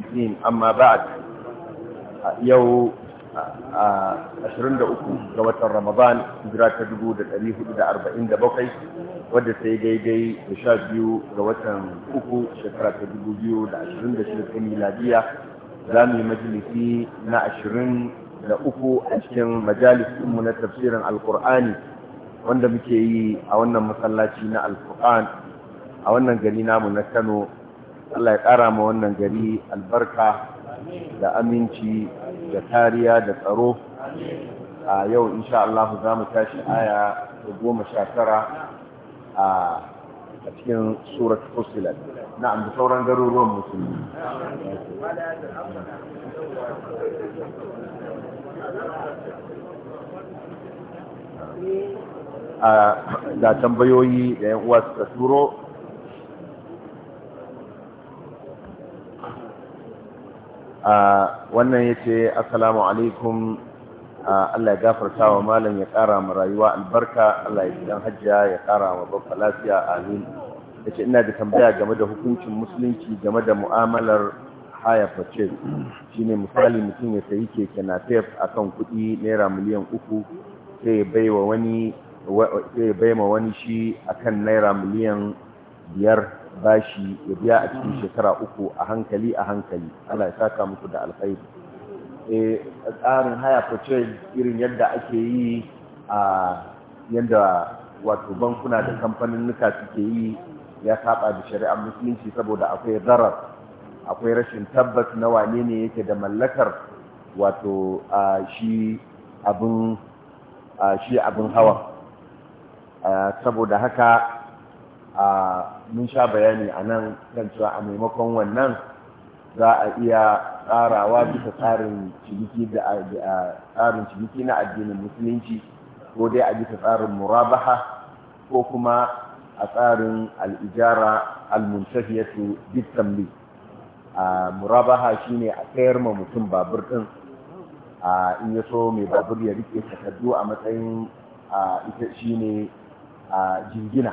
الرحيم أما بعد يو ashirin da uku ga watan Ramadan hijira ta dubu da ɗari hudu da arba'in da bakwai wadda ta yi daidai da sha biyu ga watan uku shekara ta dubu ta miladiya za mu yi majalisi na 23 a cikin majalisinmu na tafsirin alkur'ani wanda muke yi a wannan masallaci na alkur'an a wannan gani namu na kano Allah ya ƙara ma wannan gari albarka da aminci da kariya da tsaro a yau insha Allah za mu tashi aya ta goma sha tara a cikin surat fusilat na da sauran garuruwan musulmi a da tambayoyi da yan uwa suka turo wannan ya ce assalamu alaikum Allah ya gafarta wa malam ya ƙara ma rayuwa albarka Allah ya gidan hajjiya ya ƙara ma babba lafiya amin ya ce ina da tambaya game da hukuncin musulunci game da mu'amalar haya face shi ne misali mutum ya sayi keke na tef a kan kuɗi naira miliyan uku sai bai wa bai ma wani shi a kan naira miliyan biyar bashi ya biya a cikin shekara uku a hankali a hankali ana ya saka muku da alkhairi eh tsarin haya purchase irin yadda ake yi a yadda wato bankuna da kamfanin nuka suke yi ya saba da shari'ar musulunci saboda akwai zarar akwai rashin tabbas na wane ne yake da mallakar wato abin shi abin hawa saboda haka mun sha bayani a nan kan cewa a maimakon wannan za a iya tsarawa bisa tsarin ciniki na addinin musulunci ko dai a bisa tsarin murabaha ko kuma a tsarin al'ijara al-muntafiyatu bitamli a murabaha shine a sayar ma mutum babur ɗin, a in ya so mai babur ya rike takardu a matsayin a ita shine a jingina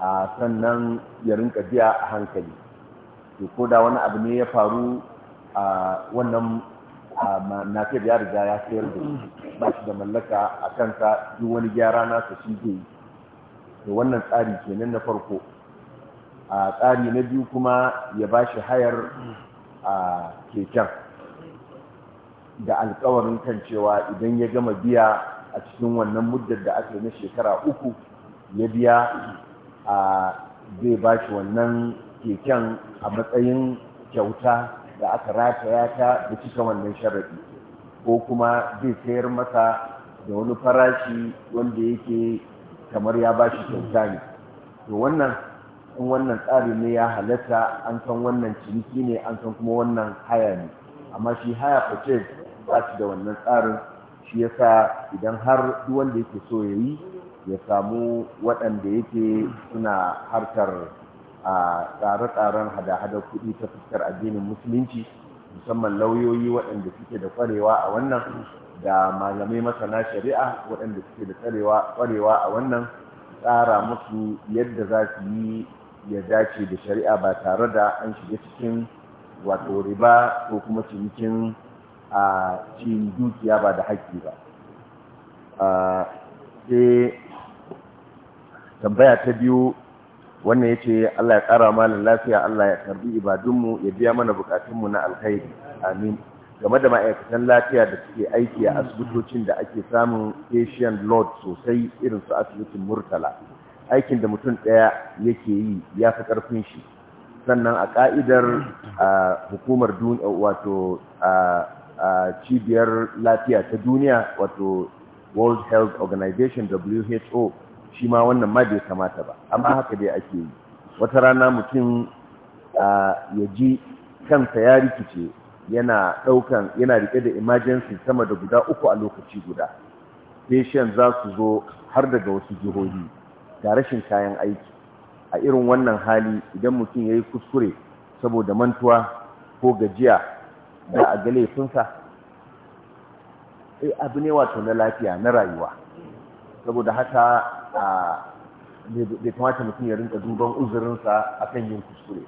a sannan ya rinka biya a hankali to ko da wani abu ne ya faru a wannan na ke ya riga ya sayar da ba shi da mallaka a kansa duk wani gyara nasa shi zai yi to wannan tsari kenan na farko a tsari na biyu kuma ya ba shi hayar a keken da alkawarin kan cewa idan ya gama biya a cikin wannan muddar da aka na shekara uku ya biya A zai ba shi wannan keken a matsayin kyauta da aka rataya ta da cika wannan sharaɗi ko kuma zai sayar masa da wani farashi wanda yake kamar ya ba shi kyauta ne to wannan in wannan tsari ne ya halatta an san wannan ciniki ne an san kuma wannan haya ne amma shi haya purchase ba shi da wannan tsarin shi yasa idan har duk wanda yake so ya yi ya samu waɗanda yake suna harkar a tsare-tsaren hada-hadar kuɗi ta fuskar addinin musulunci musamman lauyoyi waɗanda suke da ƙwarewa a wannan da malamai masana shari'a waɗanda suke da ƙwarewa a wannan tsara musu yadda za su yi ya dace da shari'a ba tare da an shiga cikin wato riba ko kuma cinikin a cin dukiya ba da haƙƙi ba sai tambaya ta biyu wannan ya ce Allah ya ƙara malin lafiya Allah ya karbi ibadunmu ya biya mana bukatunmu na alkhairi amin game da ma'aikatan lafiya da suke aiki a asibitocin da ake samun patient load sosai irin su asibitin murtala aikin da mutum ɗaya yake yi ya fi ƙarfin shi sannan a ƙa'idar hukumar duniya wato a cibiyar lafiya ta duniya wato world health organization who shi ma wannan ma bai kamata ba amma haka dai ake yi wata rana mutum ya ji kansa ya rikice yana daukan yana rike da emergency sama da guda uku a lokaci guda patient za su zo har daga wasu jihohi ga rashin kayan aiki a irin wannan hali idan mutum ya yi kuskure saboda mantuwa ko gajiya da a ga laifinsa eh, abu ne wato na lafiya na rayuwa saboda haka bai kamata mutum ya rinka duban uzurinsa a kan yin kuskure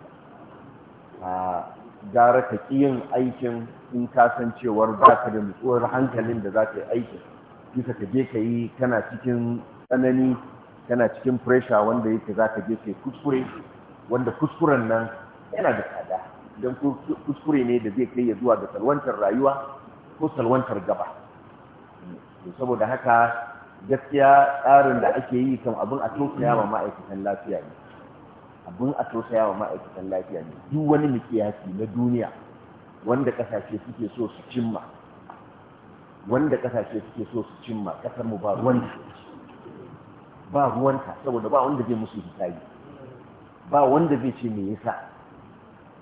ba gara ka ƙi yin aikin in ka san cewar ba ka da nutsuwar hankalin da za ka yi aikin bisa ka je ka yi kana cikin tsanani kana cikin pressure wanda yake za ka je ka yi kuskure wanda kuskuren nan yana da tsada don kuskure ne da zai kai ya zuwa ga salwantar rayuwa ko salwantar gaba saboda haka gaskiya tsarin da ake yi kan abin a tosaya wa ma'aikatan lafiya ne abin a tosaya wa ma'aikatan lafiya ne duk wani mikiyasi na duniya wanda kasashe suke so su cimma wanda kasashe suke so su cimma kasar mu ba ruwanta ba ta saboda ba wanda zai musu hisabi ba wanda zai ce me yasa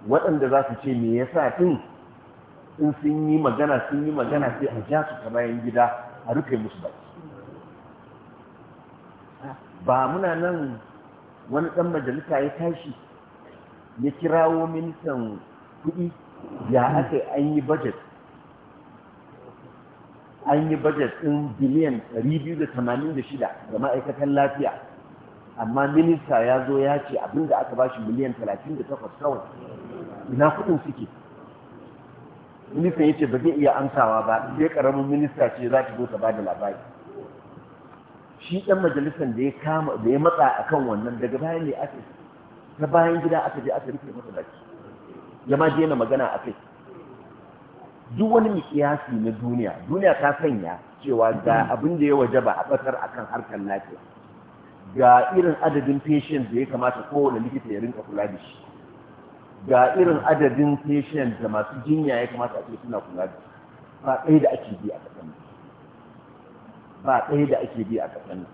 waɗanda za su ce me yasa din in sun yi magana sun yi magana sai a ja su ta bayan gida a rufe musu baki ba muna nan wani ɗan majalisa ya tashi ya kirawo ministan kuɗi ya aka an yi budget an yi budget ɗin biliyan 286 ga ma'aikatan lafiya amma minista ya zo ya ce abinda aka bashi miliyan 38 kawai ina kuɗin suke ministan ya ce ba zai iya amsawa ba sai karamin minista ce za ta zo ta ba da labari shi ɗan majalisar da ya kama da ya matsa a kan wannan daga bayan ne aka na bayan gida aka je aka rufe masa baki ya ma daina magana a kai duk wani mikiyasi na duniya duniya ta sanya cewa ga abin da ya wajaba a ƙasar kan harkar lafiya ga irin adadin patient da ya kamata kowane likita ya rinka kula da shi ga irin adadin patient da masu jinya ya kamata a ce suna kula da shi ba ɗaya da ake bi a ƙasar ba ɗaya da ake bi a ƙasar nan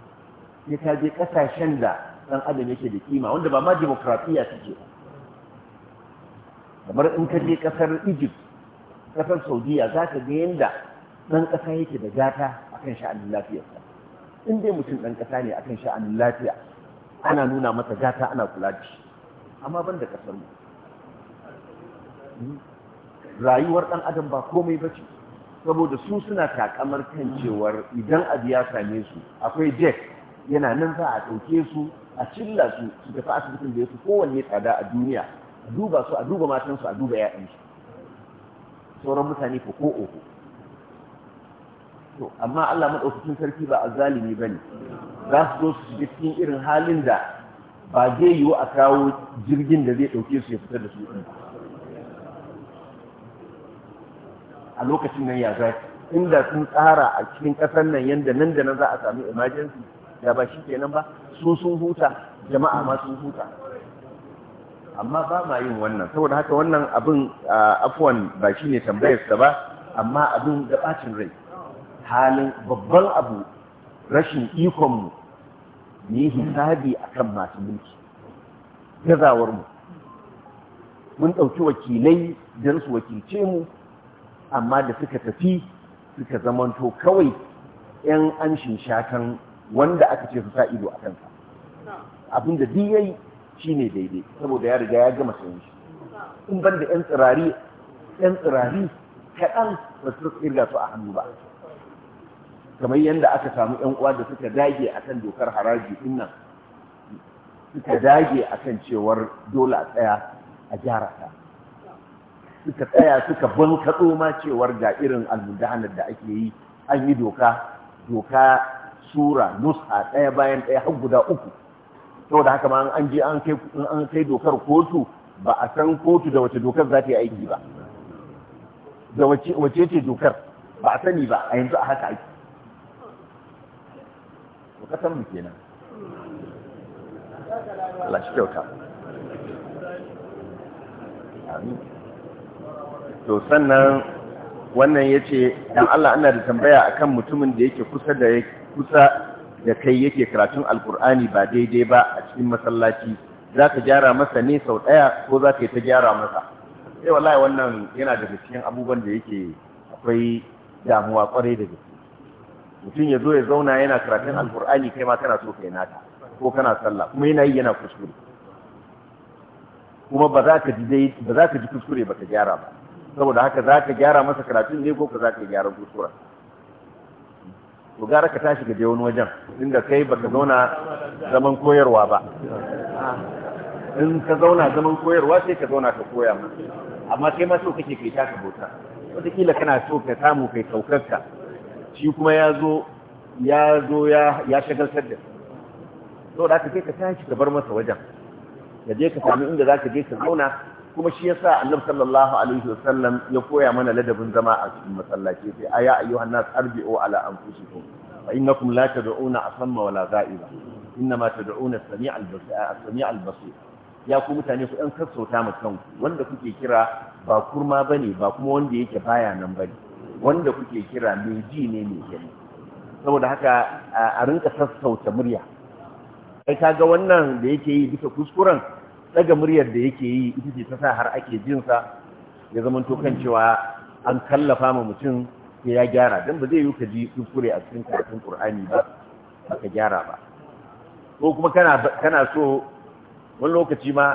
sai ta je ƙasashen da ɗan adam yake da kima wanda ba ma demokratiya suke ba kamar in ka je ƙasar egypt ƙasar saudiya za ka ga yadda ɗan ƙasa yake da gata akan sha'anin lafiyarsa in dai mutum ɗan ƙasa ne akan sha'anin lafiya ana nuna masa gata ana kula da shi amma ban da ƙasar mu hmm? rayuwar ɗan adam ba komai ba ce saboda su suna takamar kan cewar idan abu ya same su akwai jet yana nan za a ɗauke su a cilla su su tafi asibitin da ya fi kowanne tsada a duniya a duba su a duba matansu a duba ‘ya'yansu sauran mutane ko ko oho to amma Allah madaukakin sarki ba a zalimi ba ne za su zo su shiga cikin irin halin da ba zai yiwu a kawo jirgin da zai ɗauke su ya fitar da su a lokacin nan ya zafi inda sun tsara a cikin ƙasar nan yadda nan da nan za a sami emergency da ba shi kenan ba sun sun huta jama'a ma sun huta amma ba ma yin wannan saboda haka wannan abin afuwan ba shi ne tambayarsa ba amma abin da bacin rai halin babban abu rashin ikonmu ne hisabi a kan masu mulki mu mun ɗauki wakilai don su wakilce mu amma da suka tafi suka zamanto kawai yan anshin shatan wanda aka ce su sa ido a kansa abin da duk yayi shine daidai saboda ya riga ya gama sayan shi in ban da yan tsirari yan tsirari kaɗan ba su kirga su a hannu ba kamar yadda aka samu yan uwa da suka dage akan dokar haraji din nan suka dage akan cewar dole a tsaya a gyara ta suka tsaya suka bankaɗo ma cewar ga irin almudahanar da ake yi an yi doka doka sura nusa ɗaya bayan ɗaya har guda uku saboda haka ma an je an kai an kai dokar kotu ba a san kotu da wace dokar za ta yi aiki ba da wace ce dokar ba a sani ba a yanzu a haka aiki ka san mu kenan Allah shi kyauta amin to sannan wannan ya ce don Allah ana da tambaya akan mutumin da yake kusa da kusa da kai yake karatun alkur'ani ba daidai ba a cikin masallaci za ka gyara masa ne sau ɗaya ko za ka yi ta gyara masa sai eh, wallahi wannan yana daga cikin abubuwan da yake akwai damuwa kwarai da gaske mutum ya zo ya zauna yana karatun alkur'ani kai ma kana so kai nata ko kana sallah kuma yana yi yana kuskure kuma ba za ka ji kuskure ba ka gyara ba saboda haka za ka gyara masa karatun ne ko ka za ka gyara kusura to gara ka tashi ka je wani wajen inda kai baka zauna zaman koyarwa ba in ka zauna zaman koyarwa sai ka zauna ka koya ma amma kai ma so kake kai taka bauta wataƙila kana so ka samu kai saukarka shi kuma ya zo ya zo ya shagaltar sadda to da ka kai ka tashi ka bar masa wajen ka je ka sami inda za ka je ka zauna kuma shi yasa annabi sallallahu alaihi wasallam ya koya mana ladabin zama a cikin masallaci sai aya ayyuhan nas arbi'u ala anfusikum fa innakum la tad'una asamma wala za'iba innama tad'una as-sami' al-basir al-basir ya ku mutane ku dan sassauta mu kanku wanda kuke kira ba kurma bane ba kuma wanda yake baya nan bane wanda kuke kira mai ji ne mai gani saboda haka a rinka sassauta murya kai ga wannan da yake yi bisa kuskuren daga muryar da yake yi ita ce ta sa har ake jinsa ya zama to cewa an kallafa ma mutum sai ya gyara don ba zai yi ka ji kuskure a cikin karatun qur'ani ba ba ka gyara ba ko kuma kana so wani lokaci ma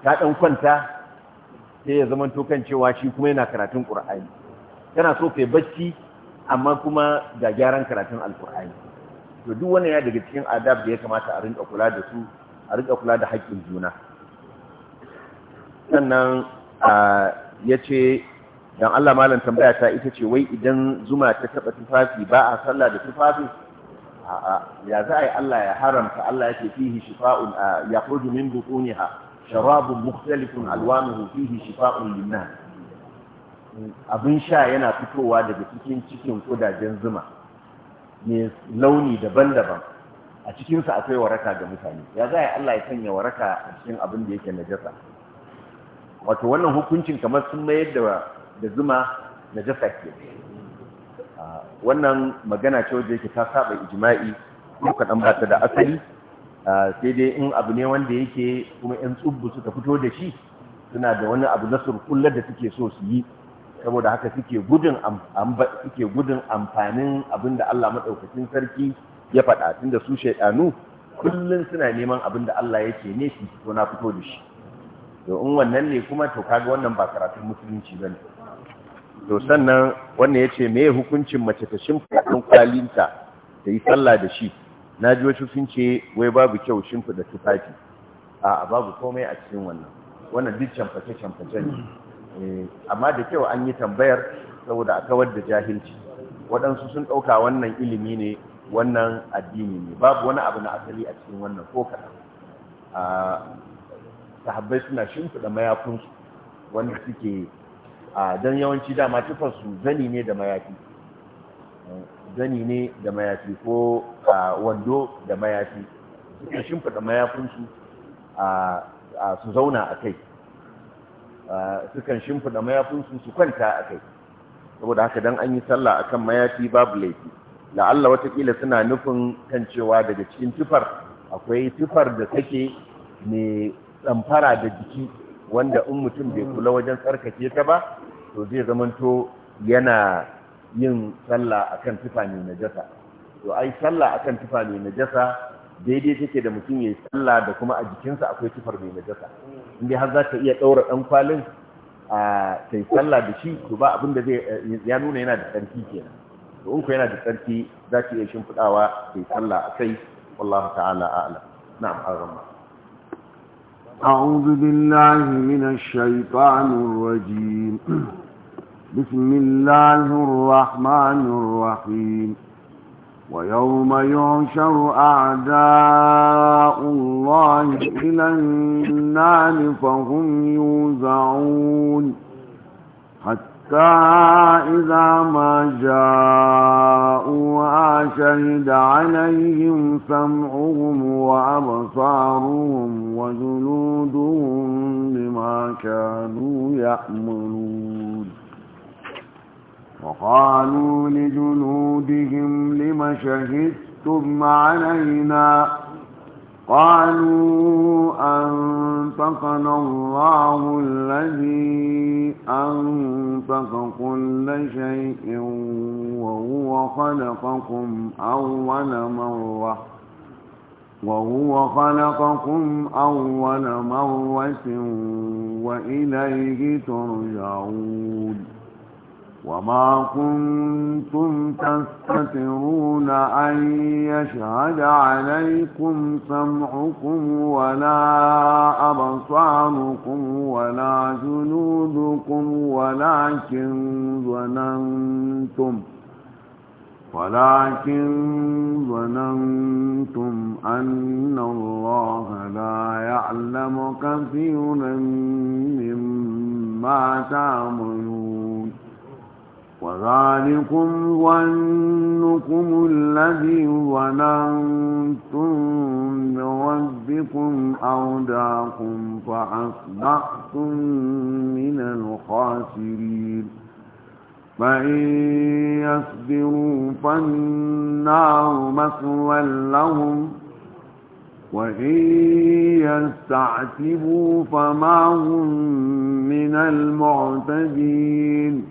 ta ɗan kwanta sai ya zama kan cewa shi kuma yana karatun qur'ani kana so kai bacci amma kuma ga gyaran karatun alƙur'ani to duk wannan ya daga cikin adab da ya kamata a rinka kula da su a rinka kula da haƙƙin juna sannan ya ce don Allah malam tambaya ta ita ce wai idan zuma ta taɓa tufafi ba a sallah da tufafi ya za a yi Allah ya haramta Allah ya ce fihi shifa'un ya kudu min butuniha sharabun mukhtalifun alwanuhu fihi shifa'un linnas abin sha yana fitowa daga cikin cikin kudajen zuma mai launi daban-daban a cikinsa akwai waraka ga mutane ya za Allah ya sanya waraka a cikin abin da yake najasa wato wannan hukuncin kamar sun mayar da zuma najasa ke wannan magana ce wajen yake ta saba ijma'i ko kaɗan ba da asali sai dai in abu ne wanda yake kuma 'yan tsubbu suka fito da shi suna da wani abu na surkullar da suke so su yi saboda haka suke gudun suke gudun amfanin abinda Allah madaukakin sarki ya faɗa tunda su shaidanu kullun suna neman abin da Allah yake ne shi fito na fito da shi to in wannan ne kuma to kaga wannan ba karatun musulunci bane to sannan wannan yace me hukuncin mace ta shimfiɗa kwalinta ta yi sallah da shi naji ji wasu sun ce wai babu kyau da tufafi a babu komai a cikin wannan wannan duk camface-camface ne Eh, amma da kyau an yi tambayar saboda a kawar da jahilci waɗansu sun ɗauka wannan ilimi ne wannan addini ne babu wani abu na asali a cikin wannan ko kaɗan sahabbai suna shimfiɗa mayakunsu wanda suke don yawanci dama tufarsu zani ne da mayafi zani ne da mayafi ko wando da mayafi suke shimfiɗa mayakunsu su zauna a kai sukan shimfida mayafinsu su kwanta a kai saboda haka dan an yi sallah akan mayafi babu laifi la'alla watakila suna nufin kan cewa daga cikin tufar akwai tufar da take mai tsamfara da jiki wanda in mutum bai kula wajen tsarkake ta ba to zai zamanto yana yin sallah akan tufa mai najasa to ai sallah akan tufa mai najasa daidai take da mutum ya sallah da kuma a jikinsa akwai tufar mai najasa inda har za ta iya ɗaura ɗan kwalin a sai sallah da shi to ba abin da zai eh, ya nuna yana da tsarki kenan to in ku yana da tsarki za ki iya shimfiɗawa sai sallah a kai wallahu ta'ala ala na'am arama أعوذ بالله من الشيطان الرجيم بسم الله الرحمن الرحيم ويوم يعشر أعداء الله إلى النار فهم يوزعون حتى إذا ما جاءوا وآشهد عليهم سمعهم وأبصارهم وجلودهم بما كانوا يأمرون وقالوا لجنودهم لم شهدتم علينا قالوا أنطقنا الله الذي أنطق كل شيء وهو خلقكم أول مرة وهو خلقكم أول مرة وإليه ترجعون وما كنتم تستطرون أن يشهد عليكم سمعكم ولا أبصاركم ولا جنودكم ولكن ظننتم ولكن ظننتم أن الله لا يعلم كثيرا مما تعملون وذلكم ظنكم الذي ظننتم بربكم أوداكم فأصبحتم من الخاسرين فإن يصبروا فالنار مثوى لهم وإن يستعتبوا فما هم من المعتدين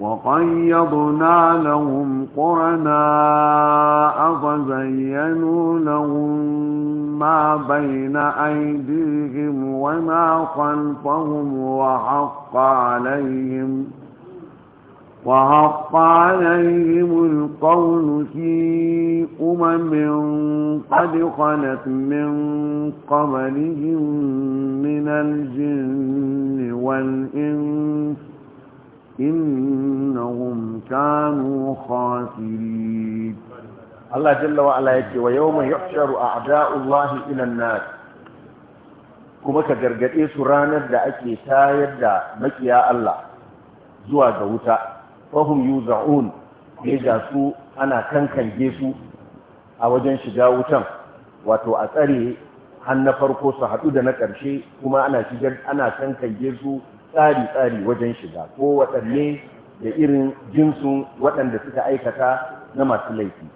وقيضنا لهم قرناء فزينوا لهم ما بين أيديهم وما خلفهم وحق عليهم وحق عليهم القول في أمم قد خلت من قبلهم من الجن والإنس إنهم كانوا خاسرين الله جل وعلا يكي ويوم يحشر أعداء الله إلى الناس كما كجرجئي سرانا دا أكي تايد دا مكيا الله زوا جوتا فهم يوزعون يجاسو أنا كان كان جيسو أوجن شجاوتا واتو أتري هن فرقو صحتو دا نكرشي كما أنا شجر أنا كان كان جيسو tsari-tsari wajen shiga ko waɗanne da irin jinsun waɗanda suka aikata na masu laifi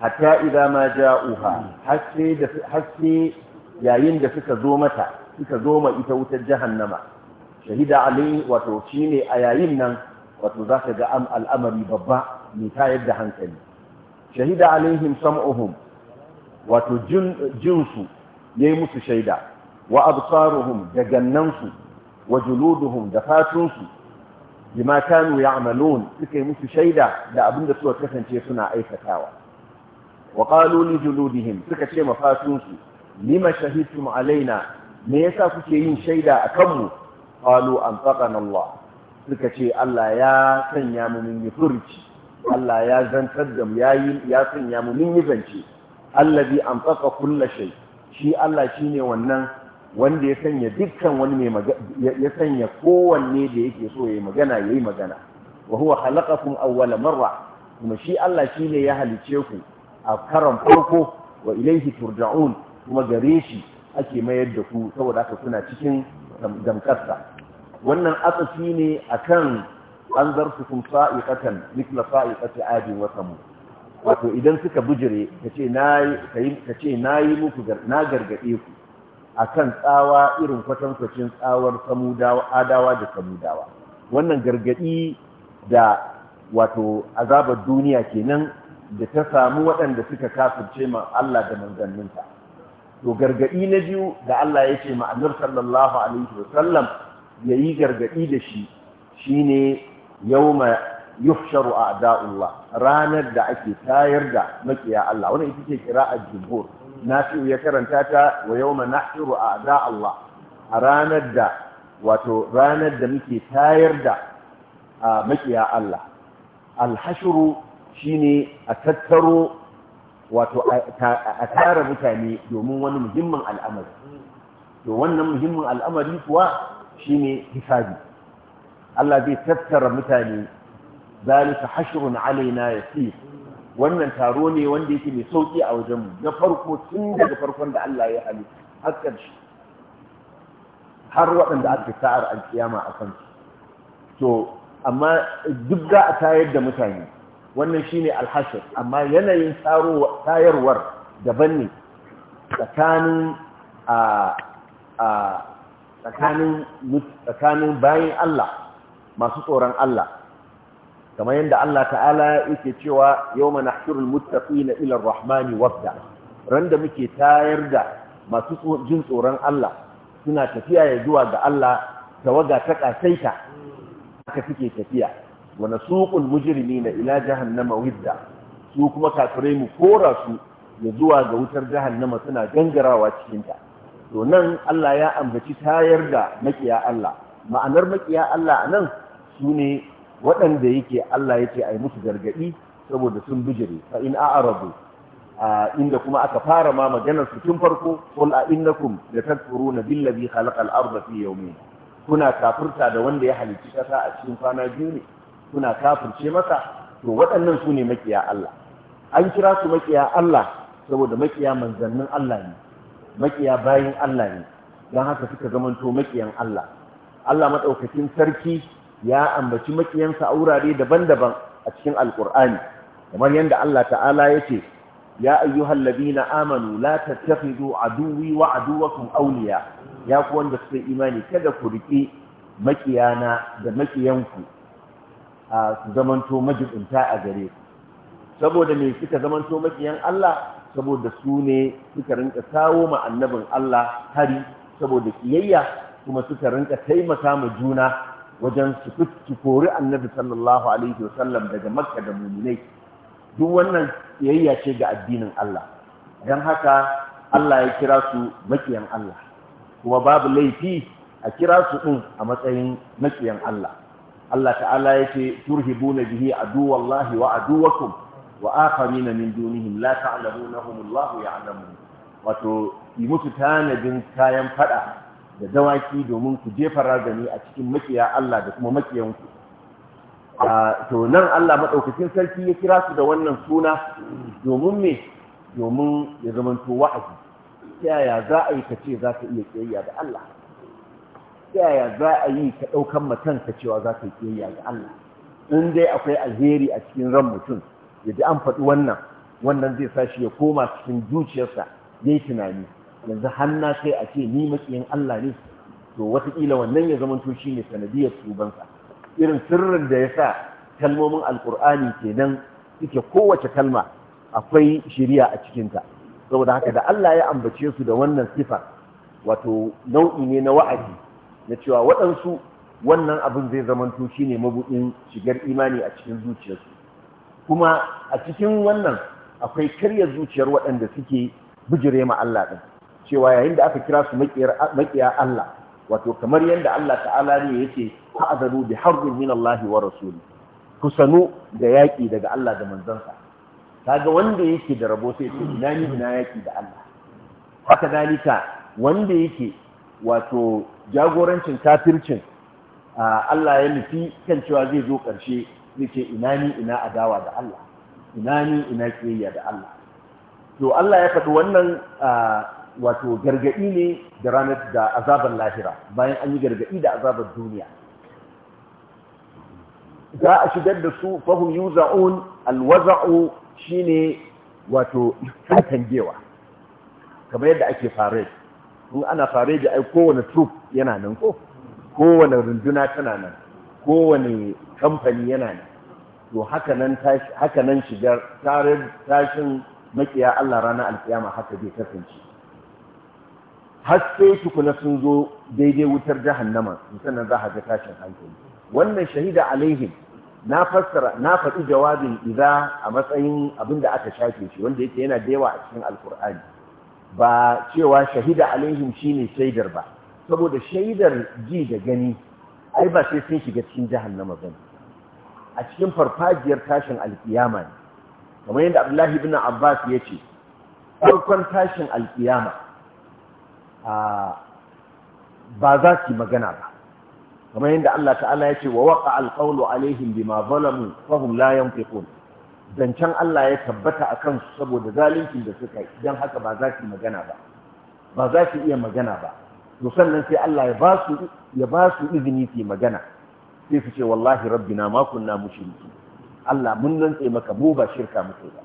hatta idan ma ja'uha haske yayin da suka zo mata suka zo ma ita wutar jahannama shahida alai wato ne a yayin nan wato za ka ga al'amari babba mai tayar da hankali shahida alaihim sam'uhum wato jinsu ya yi musu shaida wa absaruhum da gannansu wa juluduhum da fatunsu bima kanu ya'malun suka yi musu shaida da abin da suka kasance suna aikatawa wa qalu li juludihim suka ce ma fatunsu lima shahidtum alaina me yasa kuke yin shaida akan mu qalu anfaqana Allah suka ce Allah ya sanya mu mun yi furuci Allah ya zantar da mu yayi ya sanya mu mun yi zance allazi anfaqa kulli shay shi Allah shine wannan wanda ya sanya dukkan wani mai ya sanya kowanne da yake so ya yi magana ya yi magana wa huwa khalaqakum awwala marra kuma shi Allah shi ne ya halice ku a karon farko wa ilaihi turja'un kuma gare shi ake mayar da ku saboda haka kuna cikin gamkarsa wannan asasi ne akan an zartu kun sa'iqatan mithla sa'iqati adi wa samud wato idan suka bujire kace nayi kace nayi muku na gargade ku akan tsawa irin kwatankwacin tsawar samudawa adawa da samudawa wannan gargaɗi da wato azabar duniya kenan da ta samu waɗanda suka kafirce ma Allah da manzanninsa to gargaɗi na biyu da Allah ya ce ma annabi sallallahu alaihi ya yayi gargaɗi da shi shine yawma yuhsharu a'da'ullah ranar da ake tayar da makiya Allah wannan ita ce a jumhur nafi'u ya karanta ta wa yawma nahshuru a'da Allah a ranar da wato ranar da muke tayar da makiya Allah shi ne a tattaro wato a tara mutane domin wani muhimmin al'amari to wannan muhimmin al'amari kuwa shine hisabi Allah zai tattara mutane zalika hashrun alaina yasir wannan taro ne wanda yake mai sauki a wajenmu na farko tun daga farkon da Allah ya hali, har ƙarshe har waɗanda aka sa'ar akiyama a kansu to amma duk za a tayar da mutane wannan shine alhashir amma yanayin tayarwar daban ne tsakanin bayan Allah masu tsoron Allah kamar yadda Allah ta'ala yake cewa yau nahshurul muttaqina na ilar rahmani wafda randa muke tayar da masu jin tsoron Allah suna tafiya ya zuwa ga Allah tawaga ta kasaita haka suke tafiya wa mujirimi na ila jahannama wifda su kuma kafirai mu kora su ya zuwa ga wutar jahannama suna gangarawa cikin ta to nan Allah ya ambaci tayar da makiya Allah ma'anar makiya Allah nan sune waɗanda yake Allah yake yi musu gargadi saboda sun bijire fa in a'radu inda kuma aka fara ma maganar su tun farko qul a innakum latakfuruna billazi khalaqal arda fi yawmin kuna kafirta da wanda ya halicci kasa a cikin kwana biyu ne kuna kafirce maka? to waɗannan su ne makiya Allah an kira su makiya Allah saboda makiya manzannin Allah ne makiya bayin Allah ne don haka suka zamanto makiyan Allah Allah maɗaukacin sarki ya ambaci makiyansa a wurare daban-daban a cikin alkur'ani kamar yadda Allah ta'ala ya ce ya ayyuhal ladina amanu la tattakhidu aduwwi wa duwakan awliya ya ku wanda suka imani kada ku riƙe makiyana da makiyanku a su zamanto majibinta a gare ku saboda me suka zamanto makiyan Allah saboda su ne suka rinka kawo ma annabin Allah hari saboda kiyayya kuma suka rinka taimaka ma juna wajen su kori annabi sallallahu alaihi sallam daga makka da muminai duk wannan tsayayya ce ga addinin Allah don haka Allah ya kira su makiyan Allah kuma babu laifi a kira su din a matsayin makiyan Allah Allah ta'ala yake turhibuna bihi aduwallahi wa aduwakum wa akharina min dunihim la ta'lamunahum Allah ya'lamu wato yi musu tanadin kayan fada da dawaki domin ku jefa ragani a cikin makiya Allah da kuma makiyanku to nan Allah maɗaukacin sarki ya kira su da wannan suna domin me domin ya zamanto wa'azi yaya za a yi ka ce za ka iya kiyayya da Allah yaya za a yi ka ɗaukan matan ka cewa za ka yi kiyayya da Allah in dai akwai alheri a cikin ran mutum ya ji an faɗi wannan wannan zai sashi ya koma cikin zuciyarsa ya yi tunani yanzu hanna sai a ce ni makiyin Allah ne to wataƙila wannan ya zama to shine sanadiyar tubansa irin sirrin da ya sa kalmomin alkur'ani kenan suke kowace kalma akwai shiriya a cikinta saboda haka da Allah ya ambace su da wannan sifa wato nau'i ne na wa'adi na cewa waɗansu wannan abin zai zamanto shi ne mabuɗin shigar imani a cikin zuciyarsu kuma a cikin wannan akwai karya zuciyar waɗanda suke bijire ma Allah ɗin cewa yayin da aka kira su makiya Allah wato kamar yadda Allah ta'ala ne yake ta'azaru bi harbin min Allah wa rasuli kusanu da yaƙi daga Allah da manzansa kaga wanda yake da rabo sai ce ina ni ina yaƙi da Allah haka dalika wanda yake wato jagorancin kafircin Allah ya nufi kan cewa zai zo ƙarshe zai ce ina ni ina adawa da Allah ina ni ina kiyayya da Allah to Allah ya faɗi wannan wato gargaɗi ne da ranar da azabar lahira bayan an yi gargaɗi da azabar duniya za a shigar da su fahim yuza'un alwaza'u shine wato gewa. kamar yadda ake fare in ana fare da ai kowane troop yana nan ko kowane runduna tana nan kowane kamfani yana nan to haka nan shigar tarin tashin makiya Allah ranar alkiyama haka zai kasance har sai tukuna sun zo daidai wutar jahannama sannan za a ga tashin hankali wannan shahida alaihim na fassara na faɗi jawabin idza a matsayin abin da aka shafe shi wanda yake yana da yawa a cikin alkur'ani ba cewa shahida alaihim shine shaidar ba saboda shaidar ji da gani ai ba sai sun shiga cikin jahannama ba a cikin farfajiyar tashin alkiyama ne kamar yadda abdullahi ibn abbas ya ce farkon tashin alkiyama ba za su magana ba kamar yadda Allah ta'ala ya ce wa waka alqawlu alaihim bima zalamu fahum layan yanfiqun zancen Allah ya tabbata a kansu saboda zalincin da suka yi Idan haka ba za su magana ba ba za su iya magana ba to sannan sai Allah ya ba su izini su magana sai su ce wallahi rabbina ma kunna mushriki Allah mun nan tsaye maka mu ba shirka muke ba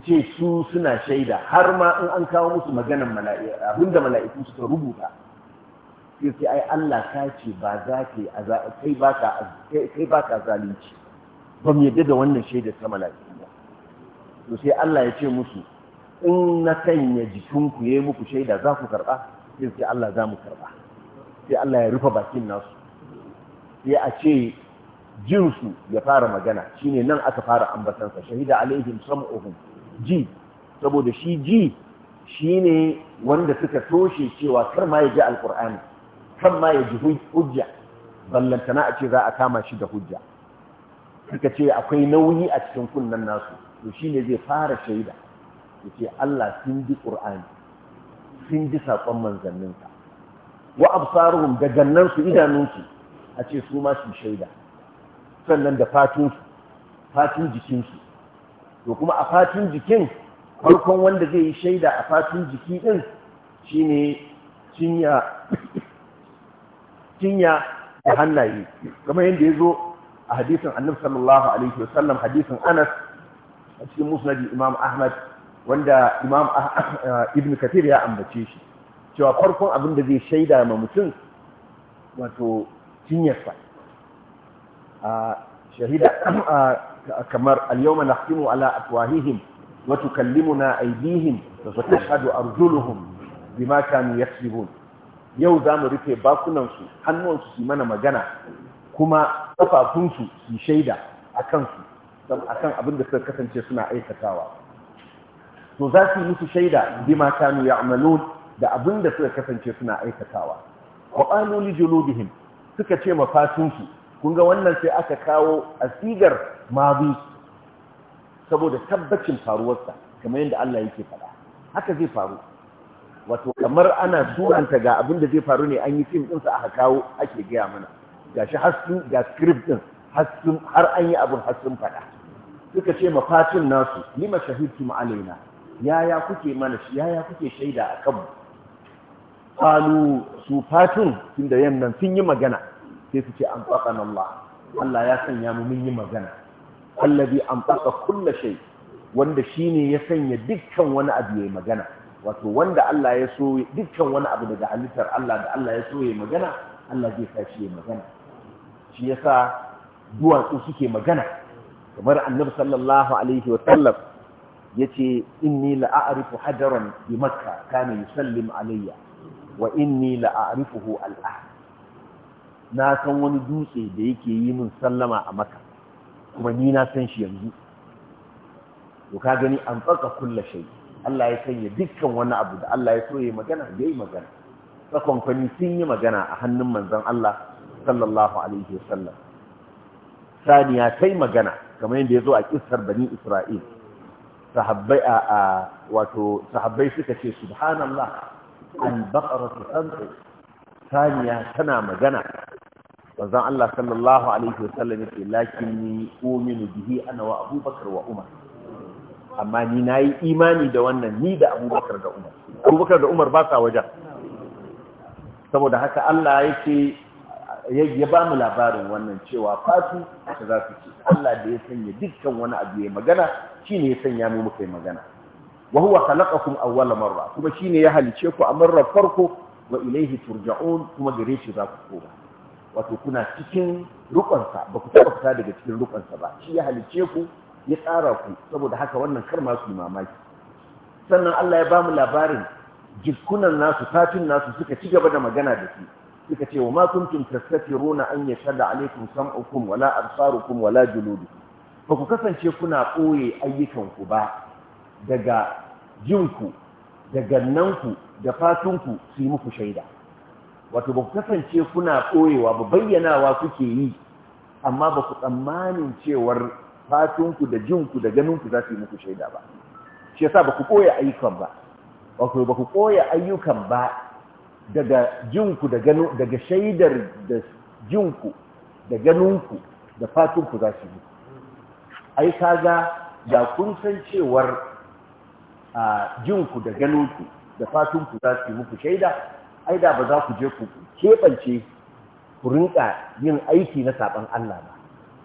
su ce su suna shaida har ma in an kawo musu maganan mala'iku abinda mala'iku suka rubuta sai sai ai Allah ka ce ba za ka kai ba ka kai ba ka zalunci ba mu yadda da wannan shaida ta mala'iku ba to sai Allah ya ce musu in na sanya jikinku yayi muku shaida za ku karba sai sai Allah za mu karba sai Allah ya rufe bakin nasu sai a ce jinsu ya fara magana shine nan aka fara ambatansa shahida alaihim sam'uhum ji saboda shi ji shi ne wanda suka toshe cewa kar ma ya ji alkur'ani kan ma ya ji hujja ballantana a ce za a kama shi da hujja suka ce akwai nauyi a cikin kunnen nasu to shi ne zai fara shaida ya ce Allah sun ji ƙur'ani sun ji saƙon manzanninsa wa absaruhum da gannansu idanunsu a ce su ma su shaida sannan da fatunsu fatun jikinsu to kuma a fatun jikin farkon wanda zai yi shaida a fatun jiki din shine cinya cinya da hannaye kamar yadda ya zo a hadisin annabi sallallahu alaihi wasallam hadisin anas a cikin musnad imam ahmad wanda imam ah, ah, ibn kathir ya ambace shi cewa farkon abin da zai shaida ma mutum wato cinyarsa a ah, shahida kamar al-yawma nahtimu ala afwahihim wa tukallimuna aydihim wa tashhadu arjuluhum bima kanu yaksibun yau zamu rufe bakunansu su hannun su mana magana kuma kafafunsu su shaida akan su akan abin da suka kasance suna aikatawa to za su yi musu shaida bima kanu ya'malun da abinda suka kasance suna aikatawa wa qalu li juludihim suka ce mafatinsu kun ga wannan sai aka kawo asigar madi saboda tabbacin faruwarsa kamar yadda Allah yake faɗa haka zai faru wato kamar ana suranta ga abin da zai faru ne an yi fim sa aka kawo ake gaya mana ga shi hassun ga script ɗin har an yi abin hassun faɗa suka ce ma mafatin nasu lima shahidtu alaina yaya kuke mana shi, yaya kuke shaida a kanmu qalu su fatin tunda yannan sun yi magana sai su ce an faqana Allah Allah ya sanya mu mun yi magana allazi anfaqa kulla shay wanda shine ya sanya dukkan wani abu yayi magana wato wanda Allah ya so dukkan wani abu daga halittar Allah da Allah ya so yayi magana Allah zai sa shi yayi magana shi yasa duwatsu suke magana kamar annabi sallallahu alaihi wa sallam yace inni la a'rifu hajaran bi makka kana yusallim alayya wa inni la a'rifuhu al'ah na san wani dutse da yake yi min sallama a makka kuma ni na san shi yanzu to ka gani an tsaka kulla shai. Allah ya sanya dukkan wani abu da Allah ya so ya magana ya yi magana tsakon sun yi magana a hannun manzon Allah sallallahu alaihi sallam. saniya tai magana kamar yadda ya zo a kissar bani Isra'il sahabbai a wato sahabbai suka ce subhanallah al-baqaratu tanqu saniya tana magana Wanzan Allah sallallahu alaihi wasallam yake lakinni uminu bihi ana wa abubakar wa umar amma ni na yi imani da wannan ni da abubakar da umar abubakar da umar ba sa wajen saboda haka Allah ce ya ba mu labarin wannan cewa fatu ta za su ce Allah da ya sanya dukkan wani abu ya magana shi ne ya sanya mu muka yi magana wa huwa khalaqakum awwala marra kuma shi ne ya halice ku a marar farko wa ilaihi turja'un kuma gare shi za ku koma wato kuna cikin rukunsa ba ku taɓa fita daga cikin rukunsa ba shi ya halice ku ya tsara ku saboda haka wannan kar ma su mamaki sannan Allah ya ba mu labarin jikunan nasu fatin nasu suka ci gaba da magana da su suka ce wa ma kuntum tastatiruna an yashhadu alaikum sam'ukum wala absarukum wala juludukum ba ku kasance kuna ɓoye ku ba daga jinku da gannanku da fatunku su yi muku shaida wato ba ku kasance kuna ɓoyewa ba bayyanawa kuke yi amma ba ku tsammanin cewar fatunku da jinku da ganinku za su yi muku shaida ba shi yasa ba ku ɓoye ayyukan ba wato ba ku ɓoye ayyukan ba daga jinku da gano daga shaidar da jinku da ganinku da fatunku za su yi ai kaga da kun san cewar a jinku da ganinku da fatunku za su yi muku shaida ai da ba za ku je ku keɓance ku rinƙa yin aiki na saɓan Allah ba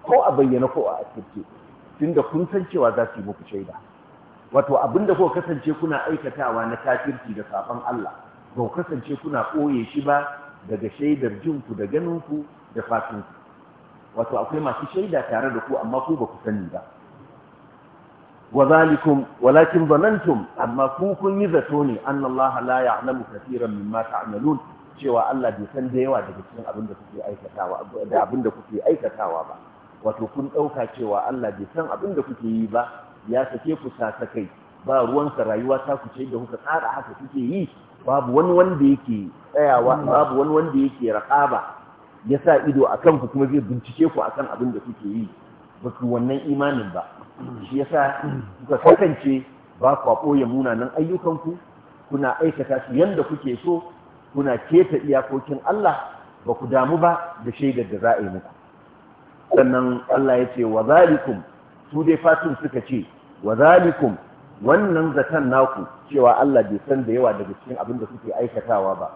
ko a bayyana ko a asirce tunda kun san cewa za su yi muku shaida wato abinda da kuka kasance kuna aikatawa na kafirci da saɓan Allah ba kasance kuna ɓoye shi ba daga shaidar jinku da ganinku da fatinku wato akwai masu shaida tare da ku amma ku ba ku sani ba wa zalikum walakin zanantum amma ku kun yi zato ne annallaha la ya'lamu kaseeran mimma ta'malun cewa Allah bai san da yawa daga cikin abin da kuke aikatawa da abin da kuke aikatawa ba wato kun dauka cewa Allah bai san abin da kuke yi ba ya sake ku kai. ba ruwansa rayuwa ta ku ce da kuka tsara haka kuke yi babu wani wanda yake tsayawa babu wani wanda yake raƙaba ya sa ido akan ku kuma zai bincike ku akan abin da kuke yi ba su wannan imanin ba shi yasa kuka kasance ba ku ɓoye munanan ayyukanku kuna aikata su yadda kuke so kuna keta iyakokin Allah ba ku damu ba da shaidar da za a yi muku sannan Allah ya ce wa zalikum su dai fatin suka ce wa zalikum wannan zaton naku cewa Allah bai san da yawa daga cikin abin da kuke aikatawa ba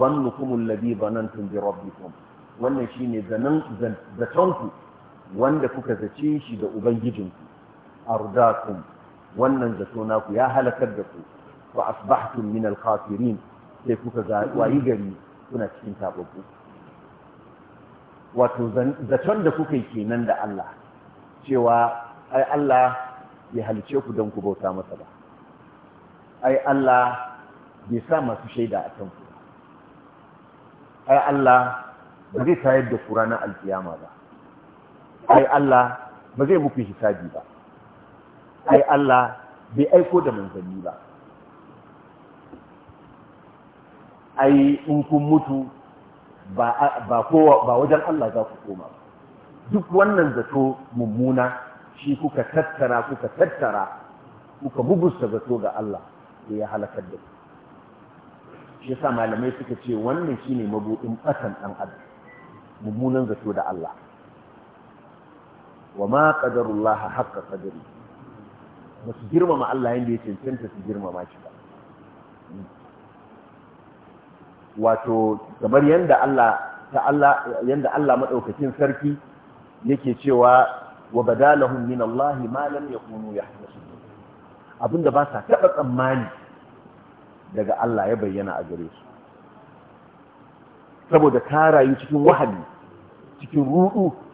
zannukum alladhi zanantum bi rabbikum wannan shine zanan zaton ku wanda kuka zace shi da ubangijinku ardakum wannan zato naku ya halakar da ku wa asbahtum min al-khasirin sai kuka ga wayi gari kuna cikin tababbu wato zaton da kuka yi kenan da Allah cewa ai Allah ya halice ku don ku bauta masa ba ai Allah bai sa masu shaida a kanku ai Allah ba zai tayar da ku ranar alkiyama ba ai Allah ba zai muku hisabi ba ai Allah bai aiko da manzanni ba ai in kun mutu ba ba wajen Allah za ku koma duk wannan zato mummuna shi kuka tattara kuka tattara kuka bugusta zato ga Allah da ya halakar da ku shi yasa malamai suka ce wannan shine mabudin batan dan adam mummunan zato da Allah wa ma qadarullah haqqa qadari ba su girmama Allah yanda ya cancanta su girmama shi ba wato kamar yanda Allah ta Allah yanda Allah madaukakin sarki yake cewa wa badalahum min Allah ma lam yakunu yahtasibun abinda ba sa taba tsammani daga Allah ya bayyana a gare su saboda ka rayu cikin wahali, cikin ruɗu.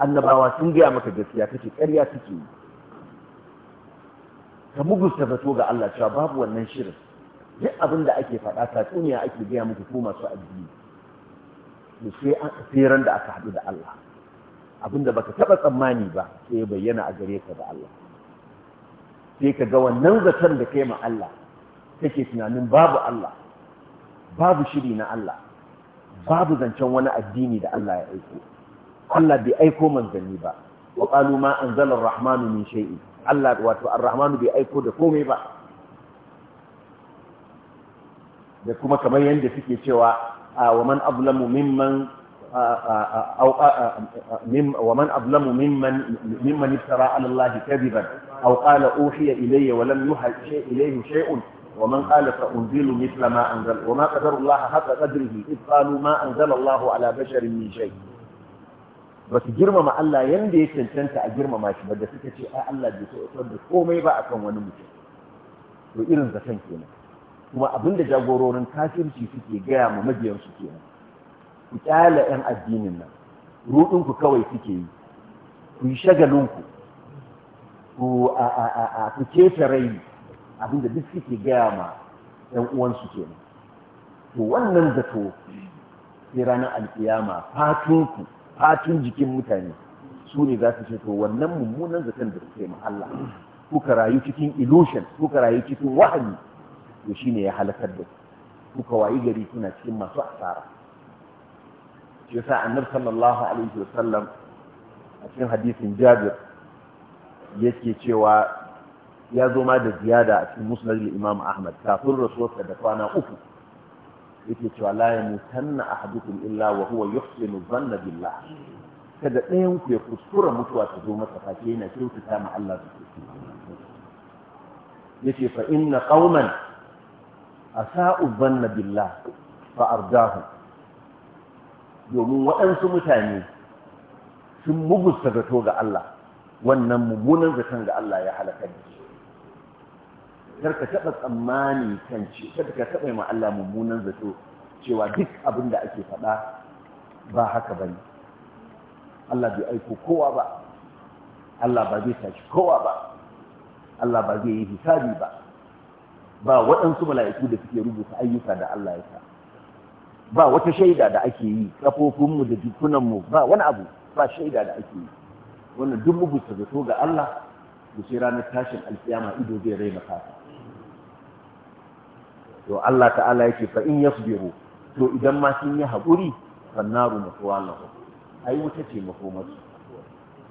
annabawa sun gaya maka gaskiya kake ƙarya suke yi ka mugusta fito ga Allah cewa babu wannan shirin duk abin da ake faɗa tatsuniya ake gaya muku ko masu addini to sai an tseren da aka haɗu da Allah abin da baka taɓa tsammani ba sai ya bayyana a gare ka da Allah sai ka ga wannan zaton da kai ma Allah kake tunanin babu Allah babu shiri na Allah babu zancen wani addini da Allah ya aiko Allah bai aiko manzanni ba wa qalu ma anzala ar-rahmanu min shay'in Allah wato ar-rahmanu bai aiko da komai ba da kuma kamar yadda suke cewa wa man azlamu mimman أو ومن أظلم ممن ممن افترى على الله كذبا أو قال أوحي Wa ولم يوحى إليه شيء ومن قال فأنزل مثل ما أنزل وما قدر ba su girmama Allah yanda ya cancanta a girmama shi ba da suka ce ai Allah bai so da komai ba akan wani mutum to irin zaton kenan kuma abin da jagororin kafirci suke gaya ma mabiyansu kenan ku kyala yan addinin nan rudin ku kawai suke yi ku yi shagalin ku ku a a a a ku kece rai abin da duk suke gaya ma yan uwansu kenan to wannan zato sai ranar alkiyama fatinku ku fatun jikin mutane su ne za su ce to wannan mummunan zaton da suka yi Allah kuka rayu cikin illusion kuka rayu cikin wahani to ne ya halakar da kuka wayi gari suna cikin masu asara shi yasa annabi sallallahu alaihi wasallam a cikin hadisin Jabir yake cewa ya zo ma da ziyada a cikin musnad al-Imam Ahmad kafin rasuwarsa da kwana uku yake cewa la ya mutanna ahadukum illa wa huwa yuhsinu dhanna billah kada ɗayan ku ya kuskura mutuwa ta zo masa face yana kyautata ma Allah su yace fa inna qauman asa'u dhanna billah fa ardahu domin waɗansu mutane sun mugusta zato ga Allah wannan mummunan zaton ga Allah ya halaka da shi kar ka taɓa tsammani kan ce kar ka taɓa ma Allah mummunan zato cewa duk abin da ake faɗa ba haka ne. Allah bai aiko kowa ba Allah ba zai tashi kowa ba Allah ba zai yi hisabi ba ba waɗansu mala'iku da suke rubuta ayyuka da Allah ya sa ba wata shaida da ake yi kafofinmu da jikunanmu ba wani abu ba shaida da ake yi wannan duk rubuta zato ga Allah da sai ranar tashin alkiyama ido zai raina fata to Allah ta'ala yake fa in yasbiru to idan ma sun yi haƙuri fannaru mutuwa lahu ai wuta ce makoma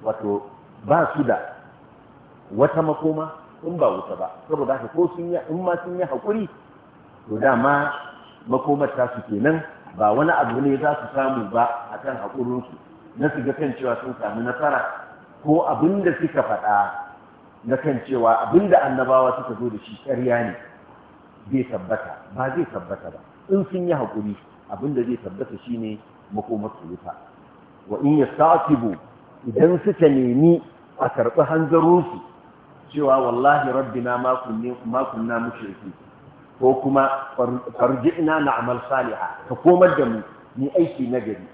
wato ba su da wata makoma in ba wuta ba saboda haka ko sun yi in ma sun yi haƙuri to dama makomar ta su kenan ba wani abu ne za su samu ba a kan haƙurinsu na su ga kan cewa sun sami nasara ko abin da suka faɗa na kan cewa abinda annabawa suka zo da shi ƙarya ne zai tabbata ba zai tabbata ba in sun yi haƙuri abin da zai tabbata shine makomar su wuta wa in yasta'tibu idan suka nemi a karɓi hanzarinsu cewa wallahi rabbina ma na kunna mushriki ko kuma farji'na na'mal Saliha, ka komar da mu ni aiki na gari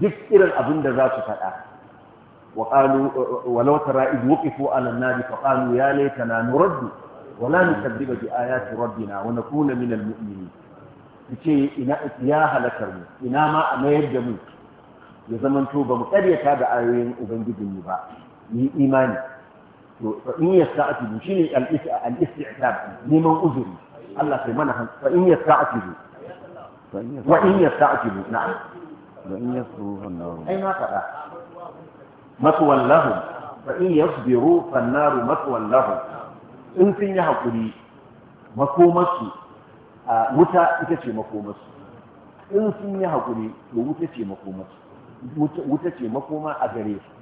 duk irin abin da za su faɗa wa qalu walau tara id wuqifu ala an-nar fa qalu ya laitana nuraddu ولا نكذب بآيات ربنا ونكون من المؤمنين بشيء إنا يا هلكرم إنما ما أنا يبدو يا زمن توبة مكاد يكاد آيوين أبنجد النباء إيمان فإن يستعتب شنو الاستعتاب لمن أذر الله في منها فإن يستعتب وإن يستعتب نعم وإن يصبروا النار أي ما فعل مثوى لهم فإن يصبروا فالنار مثوى لهم in sun yi haƙuri makomarsu a wuta ita ce makomarsu in sun yi haƙuri to wuta ce makomarsu wuta ce makoma a gare su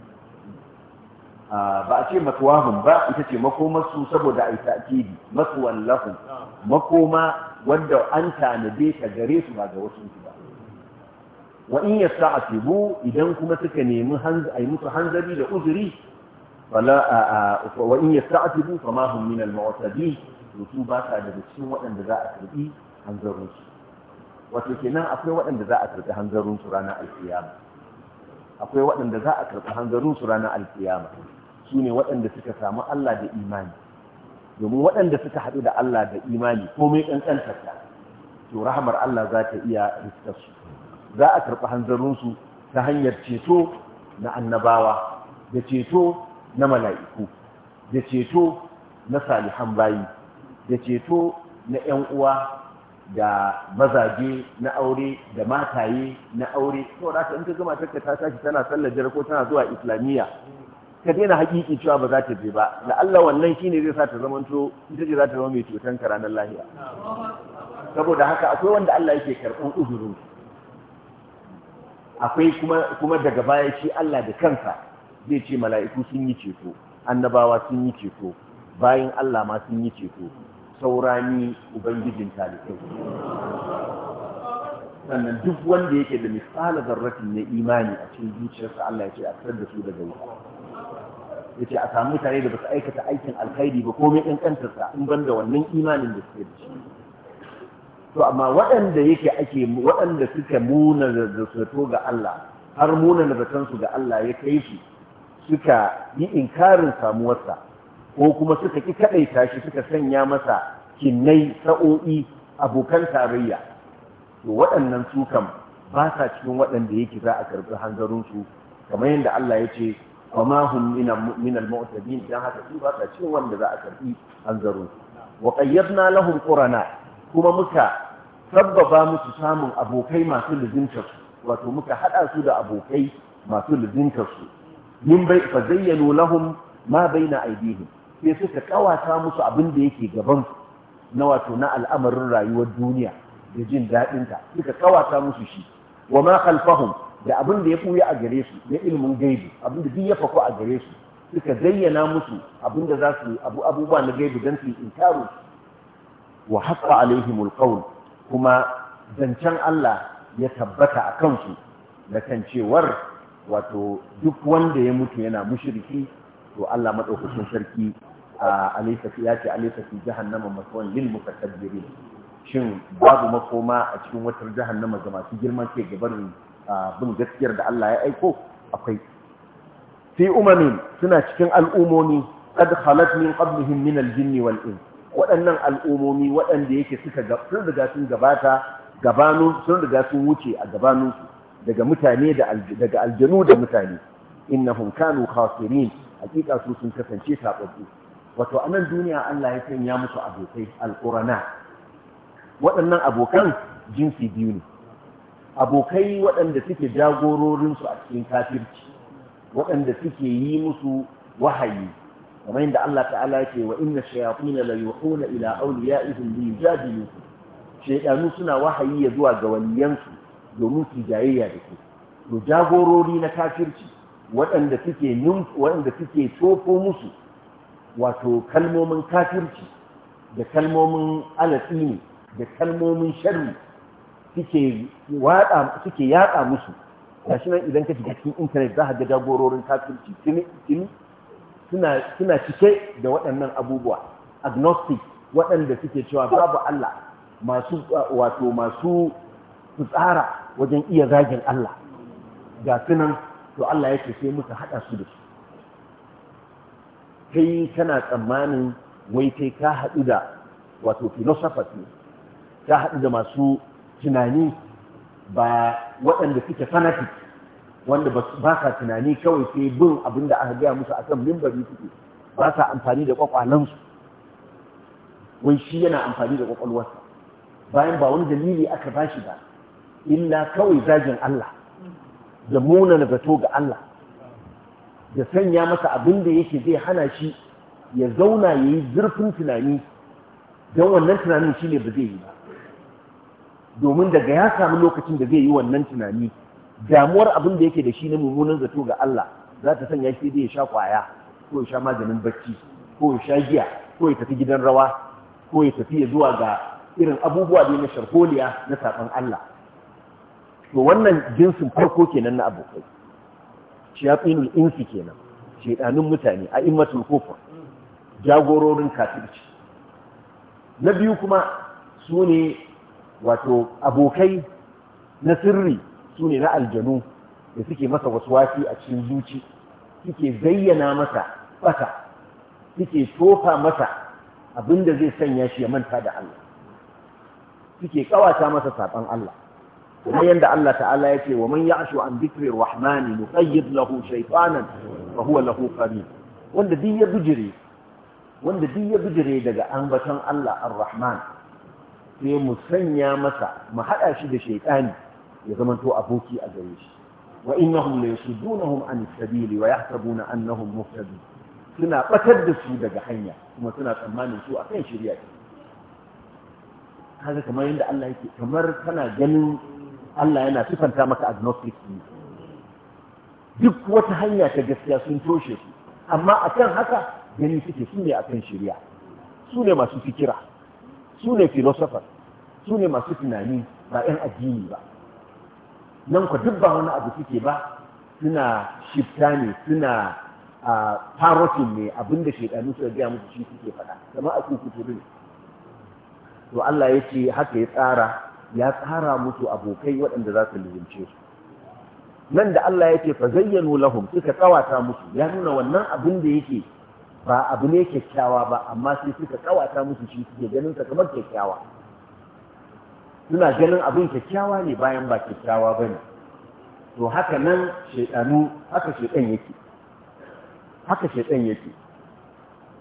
ba a ce matuwahun ba ita ce makomarsu saboda a yi ta'kidi matuwan lahun makoma wanda an tanade ta gare su ba ga wasu su ba wa in yasta'tibu idan kuma suka nemi a yi musu hanzari da uzuri fala wa in yasta'tibu fama hum min al-mu'tadin to ba sa daga cikin waɗanda za a karɓi hanzarin wato kenan akwai waɗanda za a karɓi hanzarin ranar alfiyama, akwai waɗanda za a karɓi hanzarin ranar alfiyama, su ne waɗanda suka samu Allah da imani domin waɗanda suka haɗu da Allah da imani komai ƙanƙantar ta to rahamar Allah za ta iya riskar su za a karɓi hanzarinsu ta hanyar ceto na annabawa da ceto na mala'iku da ceto na salihan bayi da ceto na 'yan uwa da mazaje na aure da mataye na aure to da ka in ta zama takka ta tashi tana sallar jira ko tana zuwa islamiyya ka daina hakiki cewa ba za ta je ba da Allah wannan ne zai sa ta zamanto ita ce za ta zama mai cutan ka ranar lahiya saboda haka akwai wanda Allah yake karɓar uzurin akwai kuma kuma daga baya shi Allah da kansa zai ce mala'iku sun yi ceto annabawa sun yi ceto bayan Allah ma sun yi ceto saurani ubangijin talibai sannan duk wanda yake da misalar zarrafin na imani a cikin zuciyarsa Allah ya ce a tsar da su daga yi. ya ce a sami mutane da basu aikata aikin alkhairi ba komai ƙanƙantarsa in ban da wannan imanin da suke da shi to amma waɗanda yake ake waɗanda suka muna da zato ga Allah har muna da zaton su ga Allah ya kai su suka yi inkarin samuwarsa ko kuma suka ki kaɗaita tashi suka sanya masa kinnai sa'o'i abokan tarayya to waɗannan su kam ba sa cikin waɗanda yake za a karɓi hanzarinsu kamar yadda Allah ya ce wa ma hum min al mu'tadin dan haka su ba sa cikin wanda za a karɓi hanzarinsu wa qayyadna lahum qurana kuma muka sabbaba musu samun abokai masu lizinta wato muka hada su da abokai masu lizinta su min bai fa zayyanu lahum ma baina aydihim sai suka kawata musu abin da yake gaban na wato na al'amarin rayuwar duniya da jin daɗin ta suka kawata musu shi wa ma khalfahum da abin da ya kuya a gare su na ilimin gaibi abin da duk ya fako a gare su suka zayyana musu abin da za su abu abubuwa na gaibi don su yi inkaru wa haqqa alaihimul qawl kuma zancen Allah ya tabbata a kansu da kan cewar wato duk wanda ya mutu yana mushriki to Allah madaukakin sarki alaysa fi yati alaysa fi jahannama maswan lil mutakabbirin shin babu makoma a cikin wutar jahannama ga masu girman ke gabarin bin gaskiyar da Allah ya aiko akwai fi umamin suna cikin al'umomi qad khalat min qablihim min al jinn wal ins waɗannan al'umomi waɗanda yake suka sun riga sun gabata gabanu sun riga sun wuce a gabanunsu daga mutane daga aljanu da mutane innahum kanu khasirin hakika su sun kasance sababbi wato a nan duniya Allah ya sanya musu abokai alqurana waɗannan abokan jinsi biyu ne abokai waɗanda suke jagororinsu a cikin kafirci waɗanda suke yi musu wahayi kamar yadda Allah ta'ala yake wa inna shayatin la yuhuna ila awliyaihim li yujadilukum shaydanu suna wahayi ya zuwa ga waliyansu domin su jayayya da su to jagorori na kafirci waɗanda suke waɗanda suke tsofo musu wato kalmomin kafirci da kalmomin alatsini da kalmomin sharri suke yaɗa suke yatsa musu gashi nan idan ka shiga cikin intanet za ka ga jagororin kafirci suna suna cike da waɗannan abubuwa agnostic waɗanda suke cewa babu Allah masu wato masu Su tsara wajen iya zagin Allah ga sunan to Allah yake sai muka haɗa su da su kai kana tsammanin wai kai ka haɗu da wato philosophers ka haɗu da masu tunani ba waɗanda suke fanatic wanda ba sa tunani kawai sai bin abin da aka gaya musu akan mimbari suke ba sa amfani da kwakwalansu wai shi yana amfani da kwakwalwarsa bayan ba wani dalili aka bashi ba illa kawai zagin Allah da na zato ga Allah da sanya masa abin da yake zai hana shi ya zauna ya yi zurfin tunani don wannan tunanin shi ne ba zai yi ba domin daga ya samu lokacin da zai yi wannan tunani damuwar abin da yake da shi na mummunan zato ga Allah za ta sanya shi zai sha kwaya ko ya sha maganin bacci ko ya sha giya ko ya tafi gidan rawa ko ya tafi zuwa ga irin abubuwa ne na sharholiya na saɓon Allah to wannan jinsin farko kenan na abokai shayatinul insi kenan shedanun mutane a immatul kufur jagororin kafirci na biyu kuma su ne wato abokai na sirri su ne na aljanu da suke masa wasi a cikin zuci suke zayyana masa bata suke tofa masa abinda zai sanya shi ya manta da Allah suke kawata masa saban Allah kuma yanda Allah ta'ala Ya ce wa man ya'shu an dhikri rahmani nuqayyid lahu shaytanan fa huwa lahu qarin wanda duk ya bijire wanda duk ya bijire daga ambaton Allah ar-rahman sai mu sanya masa mu hada shi da shaytani ya zamanto aboki a gare shi wa innahum la yasuddunahum an as-sabili wa yahsabuna annahum muhtadun suna batar da su daga hanya kuma suna tsammanin su akan shari'a kaga kamar yadda Allah yake kamar kana ganin Allah yana sifanta maka agnostic ne duk wata hanya ta gaskiya sun toshe su amma akan haka gani suke su ne akan shirya su ne masu fikira su ne sune su ne masu tunani ba 'yan addini ba nan ku duk ba wani abu suke ba suna shifta ne suna parotin ne abinda shekaru suka gaya musu shi suke faɗa kama a kuku ne to Allah ya ce haka ya tsara ya tsara musu abokai waɗanda za su lulunce su nan da Allah yake fa zayyano lahum suka tsawata musu ya nuna wannan abin da yake ba abu ne kyakkyawa ba amma sai suka tsawata musu shi suke ganin sa kamar kyakkyawa suna ganin abin kyakkyawa ne bayan ba kyakkyawa ba ne. to haka nan shedanu haka shedan yake haka yake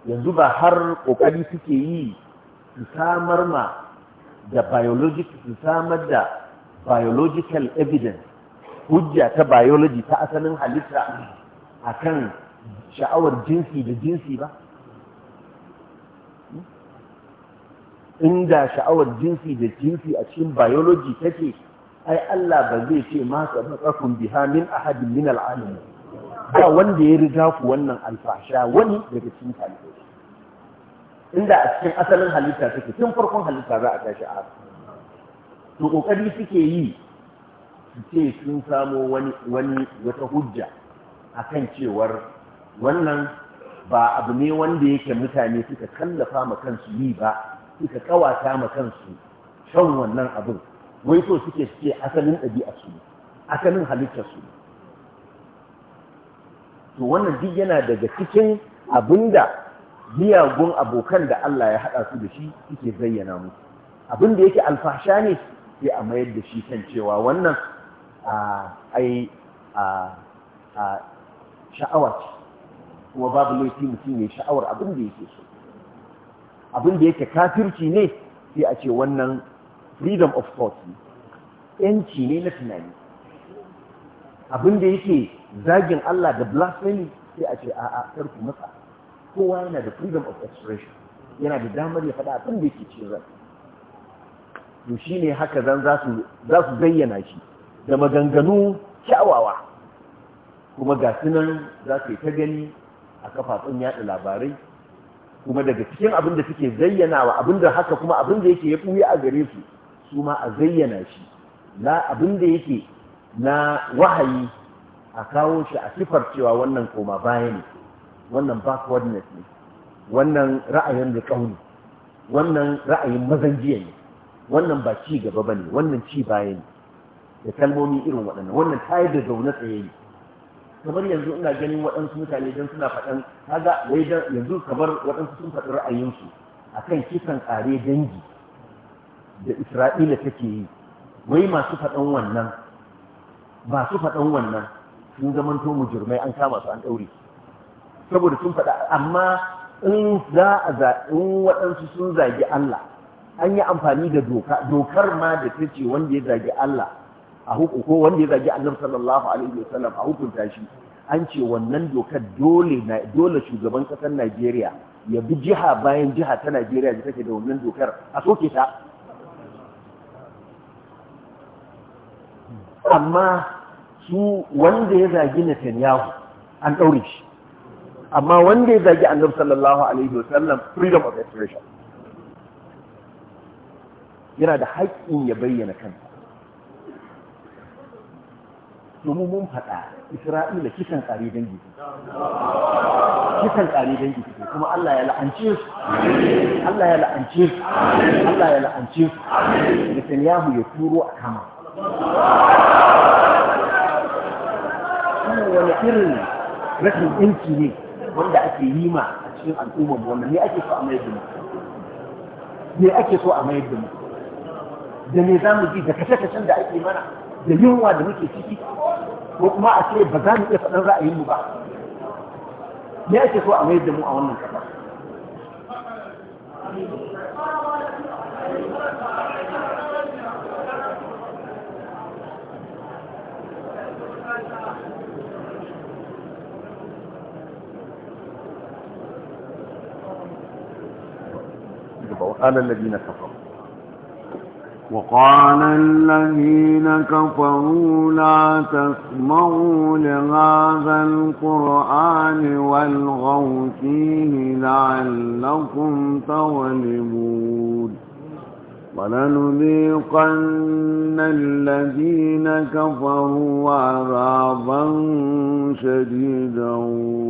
yanzu ba har kokari suke yi su samar ma da biological samar da biological evidence hujja ta biology ta asalin halitta a kan sha'awar jinsi da jinsi ba inda sha'awar jinsi da jinsi a cikin biology take ai Allah ba zai ce ma sabaqakum biha min ahadin min al'alamin ba wanda ya riga ku wannan alfasha wani daga cikin halittu inda a cikin asalin halitta suke tun farkon halitta za a tashi a to kokari suke yi su ce sun samo wani wani wata hujja akan cewar wannan ba abu ne wanda yake mutane suka kallafa ma kansu yi ba suka kawata ma kansu shan wannan abin wai so suke suke asalin ɗabi'a su asalin halittar su to wannan duk yana daga cikin abinda miyagun abokan da Allah ya haɗa su da shi suke zayyana musu abin da yake alfasha ne sai a mayar da shi kan cewa wannan ai sha'awa ce kuma babu laifi mutum ya sha'awar abin da yake so abin da yake kafirci ne sai a ce wannan freedom of thought ne yanci ne na tunani abin da yake zagin Allah da blasphemy sai a ce a'a karku masa kowa yana da freedom of expression yana da damar ya faɗa abin da yake cikin ran to ne haka zan za su bayyana zayyana shi da maganganu kyawawa kuma ga sinan za su yi ta gani a kafafen yaɗa labarai kuma daga cikin abin da suke zayyanawa abin da haka kuma abin da yake ya ɓuya a gare su su ma a zayyana shi na abin da yake na wahayi a kawo shi a sifar cewa wannan koma baya ne wannan backwardness ne wannan ra'ayin da kauni wannan ra'ayin mazanjiya ne wannan ba ci gaba ne. wannan ci baya ne da kalmomi irin waɗannan wannan yi da zaune tsaye ne kamar yanzu ina ganin waɗansu mutane don suna faɗan kaga wai yanzu kamar waɗansu sun faɗi ra'ayinsu kan kisan ƙare dangi da Isra'ila take yi wai masu faɗan wannan masu faɗan wannan sun zamanto mujurmai an kama su an ɗaure saboda sun faɗa amma in za a zaɓi waɗansu sun zagi Allah an yi amfani da dokar ma da ta ce wanda ya zagi Allah a hukun ko wanda ya zagi Allah sallallahu alaihi wasallam a hukunta shi an ce wannan dokar dole shugaban ƙasar Najeriya ya bi jiha bayan jiha ta Najeriya da take da wannan dokar a soke ta amma su wanda ya zagi Netanyahu an ɗaure shi amma wanda ya zagi annabi sallallahu alaihi wasallam freedom of expression yana da haƙƙin ya bayyana kansa domin mun faɗa isra'ila kisan ƙari dangi kisan ƙari dangi suke kuma Allah ya la'ance su Allah ya la'ance su Allah ya la'ance su Netanyahu ya turo a kama wani irin rashin yanki ne wanda ake yi ma a cikin al'ummar wanda ne ake so a mayar da mu ake so a mayar da mu da me za mu ji da kashe da ake mana da yunwa da muke ciki ko kuma a ce ba za mu iya faɗin ra'ayinmu ba me ake so a mayar da mu a wannan kasa وقال الذين كفروا وقال الذين كفروا لا تسمعوا لهذا القرآن والغوا فيه لعلكم تغلبون ولنذيقن الذين كفروا عذابا شديدا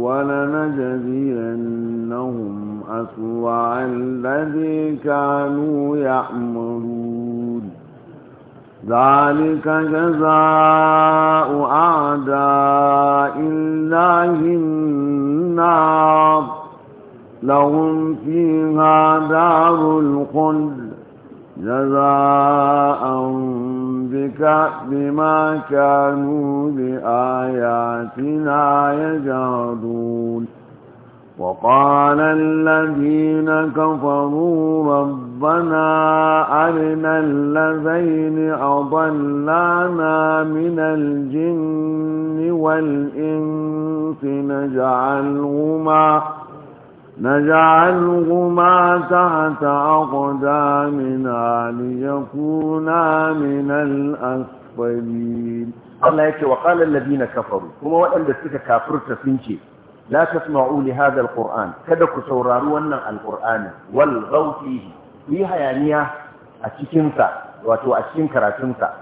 ولنجزينهم يبعثوا عن الذي كانوا يعملون ذلك جزاء أعداء الله النار لهم فيها دار الخلد جزاء بك بما كانوا بآياتنا يجهدون وقال الذين كفروا ربنا أرنا الذين أضلانا من الجن والإنس نجعلهما نجعلهما تحت أقدامنا ليكونا من الأسفلين الله يكي وقال الذين كفروا هم وأن دستك كافرت تفنشي la tasma'u li hadha alquran kada ku saurari wannan alqur'ani wal ghawfihi Kuyi hayaniya a cikin wato a cikin karatunsa sa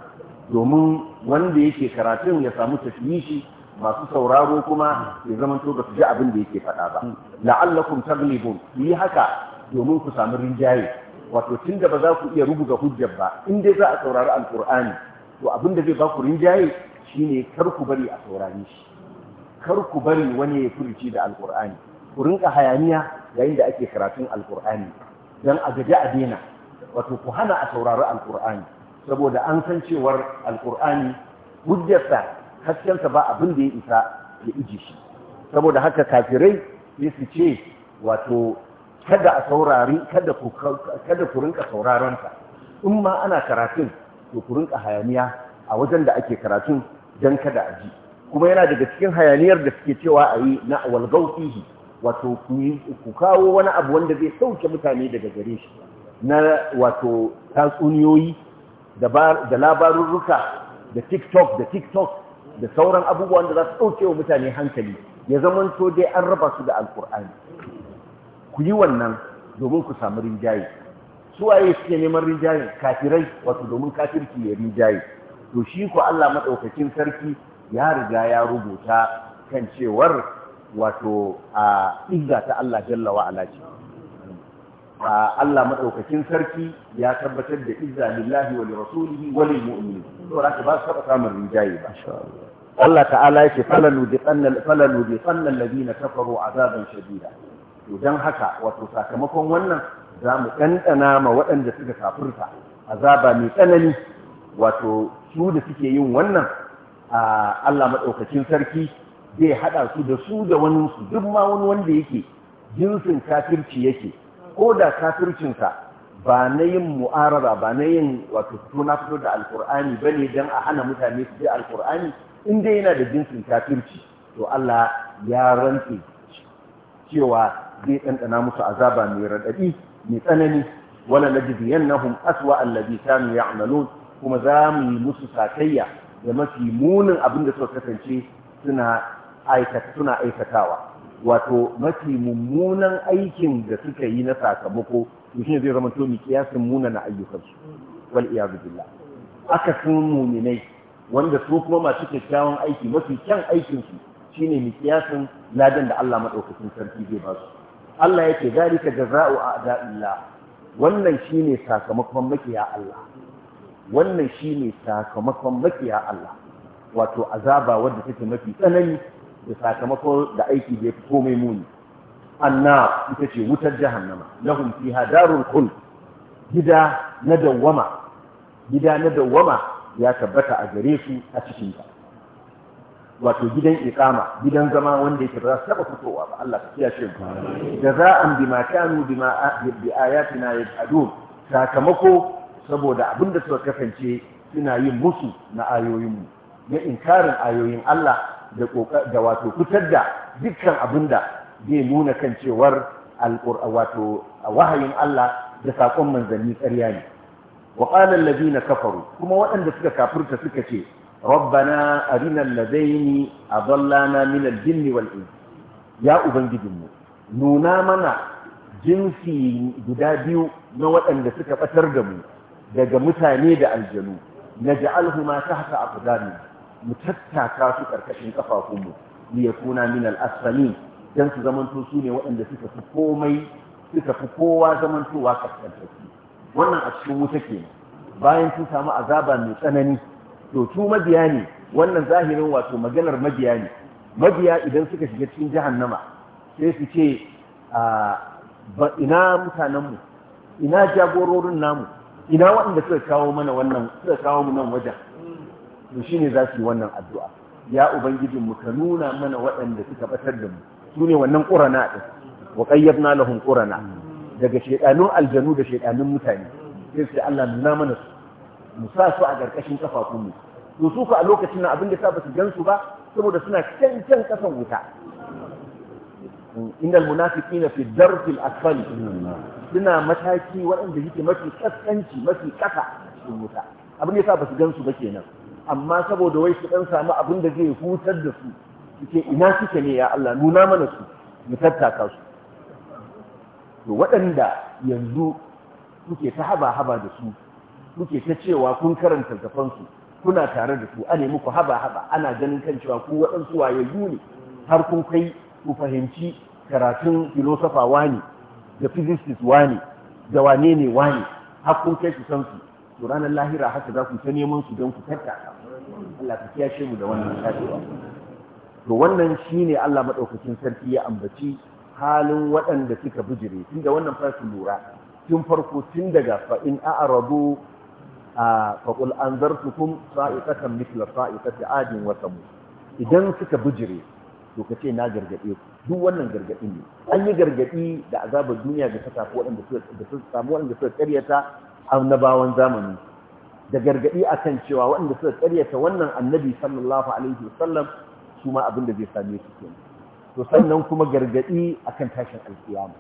domin wanda yake karatun ya samu tashwishi masu sauraro kuma ya zama to ba su ji abin da yake faɗa ba la'allakum taglibun yi haka domin ku samu rinjaye wato tunda ba za ku iya rubuta hujjar ba in dai za a saurari alqur'ani to abin da zai baku rinjaye shine kar ku bari a saurari shi kar ku bari wani ya furuci da alkur'ani ku rinka hayaniya yayin da ake karatun alkur'ani don a gaji a daina wato ku hana a saurari alkur'ani saboda an san cewar alkur'ani hujjarsa haskensa ba abin da ya isa ya iji shi saboda haka kafirai ne su ce wato kada a saurari kada ku kada ku rinka sauraron sa in ma ana karatun to ku rinka hayaniya a wajen da ake karatun dan kada a ji kuma yana daga cikin hayaniyar da suke cewa a yi na walgau wato ku kawo wani abu wanda zai sauke mutane daga gare shi na wato tatsuniyoyi da labarurruka da tiktok da tiktok da sauran abubuwan da za su sauke wa mutane hankali ya zamanto dai an raba su da alkur'ani ku yi wannan domin ku samu rinjaye suwaye suke neman rinjaye kafirai wato domin kafirki ya rinjaye to shi ku allah maɗaukakin sarki ya riga ya rubuta kan cewar wato a izza ta Allah jalla wa Allah maɗaukakin sarki ya tabbatar da izza lillahi wa lirasulihi wa lil mu'minin ba su taba samun rinjaye ba Allah ta'ala yake falalu bi qannal falalu bi qannal ladina kafaru azaban shadida to dan haka wato sakamakon wannan za mu ɗanɗana ma waɗanda suka kafurta azaba mai tsanani wato su da suke yin wannan A Allah maɗaukacin sarki zai haɗa su da su da wani su duk ma wani wanda yake jinsin kafirci yake ko da kafircinsa ba na yin mu'arara ba na yin wato na fito da alkur'ani ba ne don a hana mutane su je alkur'ani in dai yana da jinsin kafirci to Allah ya rantse cewa zai ɗanɗana musu azaba mai raɗaɗi mai tsanani wala najidiyannahum aswa allazi kanu ya'malun kuma za mu yi musu sakayya da mafi munin abin da suka kasance suna aikatawa wato mafi mummunan aikin da suka yi na sakamako to shine zai zama to mi kiyasin ayyukan ayyukansu wal iyadu billah aka sun muminai wanda su kuma masu kyakkyawan aiki mafi kyan aikinsu shine mi kiyasin ladan da Allah madaukakin sarki zai ba su Allah yake zalika jazaa'u a'da'illah wannan shine sakamakon makiya Allah wannan shi ne sakamakon makiya Allah wato azaba wadda take mafi tsanani da sakamakon da aiki da ya fi komai muni anna ita ce wutar jahannama lahum fiha darul kul gida na dawwama gida na dawwama ya tabbata a gare su a cikin ta wato gidan iqama gidan zama wanda yake ba za su taba fitowa ba Allah ka kiyaye mu jaza'an bima kanu bima bi ayatina yaj'alun sakamako saboda abin da suka kasance suna yin musu na ayoyinmu na inkarin ayoyin Allah da wato fitar da dukkan abin da zai nuna kan cewar wato wahayin Allah da saƙon manzanni ƙarya ne wa qala na kafaru kuma waɗanda suka kafurta suka ce rabbana arina alladaini adallana min al-jinni wal ya ubangijinmu nuna mana jinsi guda biyu na waɗanda suka ɓatar da mu daga mutane da aljanu na ta ma a kudami mu tattaka su ƙafafunmu ni ya kuna min al don su zamanto su ne waɗanda suka fi komai suka fi kowa zamantowa ƙasƙantarki wannan a cikin wuta ke bayan sun samu azaba mai tsanani to su mabiya ne wannan zahirin wato maganar mabiya ne mabiya idan suka shiga cikin jahannama sai su ce ah, ina mutanenmu ina jagororin namu ina waɗanda suka kawo mana wannan suka kawo mu nan wajen to shine za su yi wannan addu'a ya ubangijin mu ka nuna mana waɗanda suka batar da mu sune wannan qurana din wa qayyadna lahum qurana daga shedanun aljanu da shedanun mutane sai sai Allah nuna mana su mu sa su a garkashin kafafun mu to su a lokacin nan abin sa ba su gan su ba saboda suna can can kasan wuta innal na fi darkil asfali suna mataki waɗanda yake mafi kaskanci mafi kasa cikin wuta abin da yasa ba su gan su ba kenan amma saboda wai su dan samu abin da zai hutar da su suke ina suke ne ya Allah nuna mana su mu tattaka su to waɗanda yanzu kuke ta haba-haba da su kuke ta cewa kun karanta zafansu kuna tare da su ane muku haba-haba ana ganin kan cewa ku waɗansu wayayyu ne har kun kai ku fahimci karatun filosofa wani da physicist wani da wane ne wani har kun kai su san su to ranar lahira haka za ku ta neman su don ku tattaka Allah ka kiyashe mu da wannan kafewa to wannan shine Allah madaukakin sarki ya ambaci halin waɗanda suka bijire tun da wannan fasu lura tun farko tun daga fa in a'radu fa qul anzartukum sa'iqatan mithla sa'iqati adin wa samud idan suka bijire to kace na gargade ku duk wannan gargaɗi ne an yi gargaɗi da azabar duniya ga ta tafi waɗanda suka samu waɗanda suka ƙaryata annabawan zamani da gargaɗi akan cewa waɗanda suka ƙaryata wannan annabi sallallahu alaihi wasallam su ma abin da zai same su ke to sannan kuma gargaɗi akan tashin alkiyama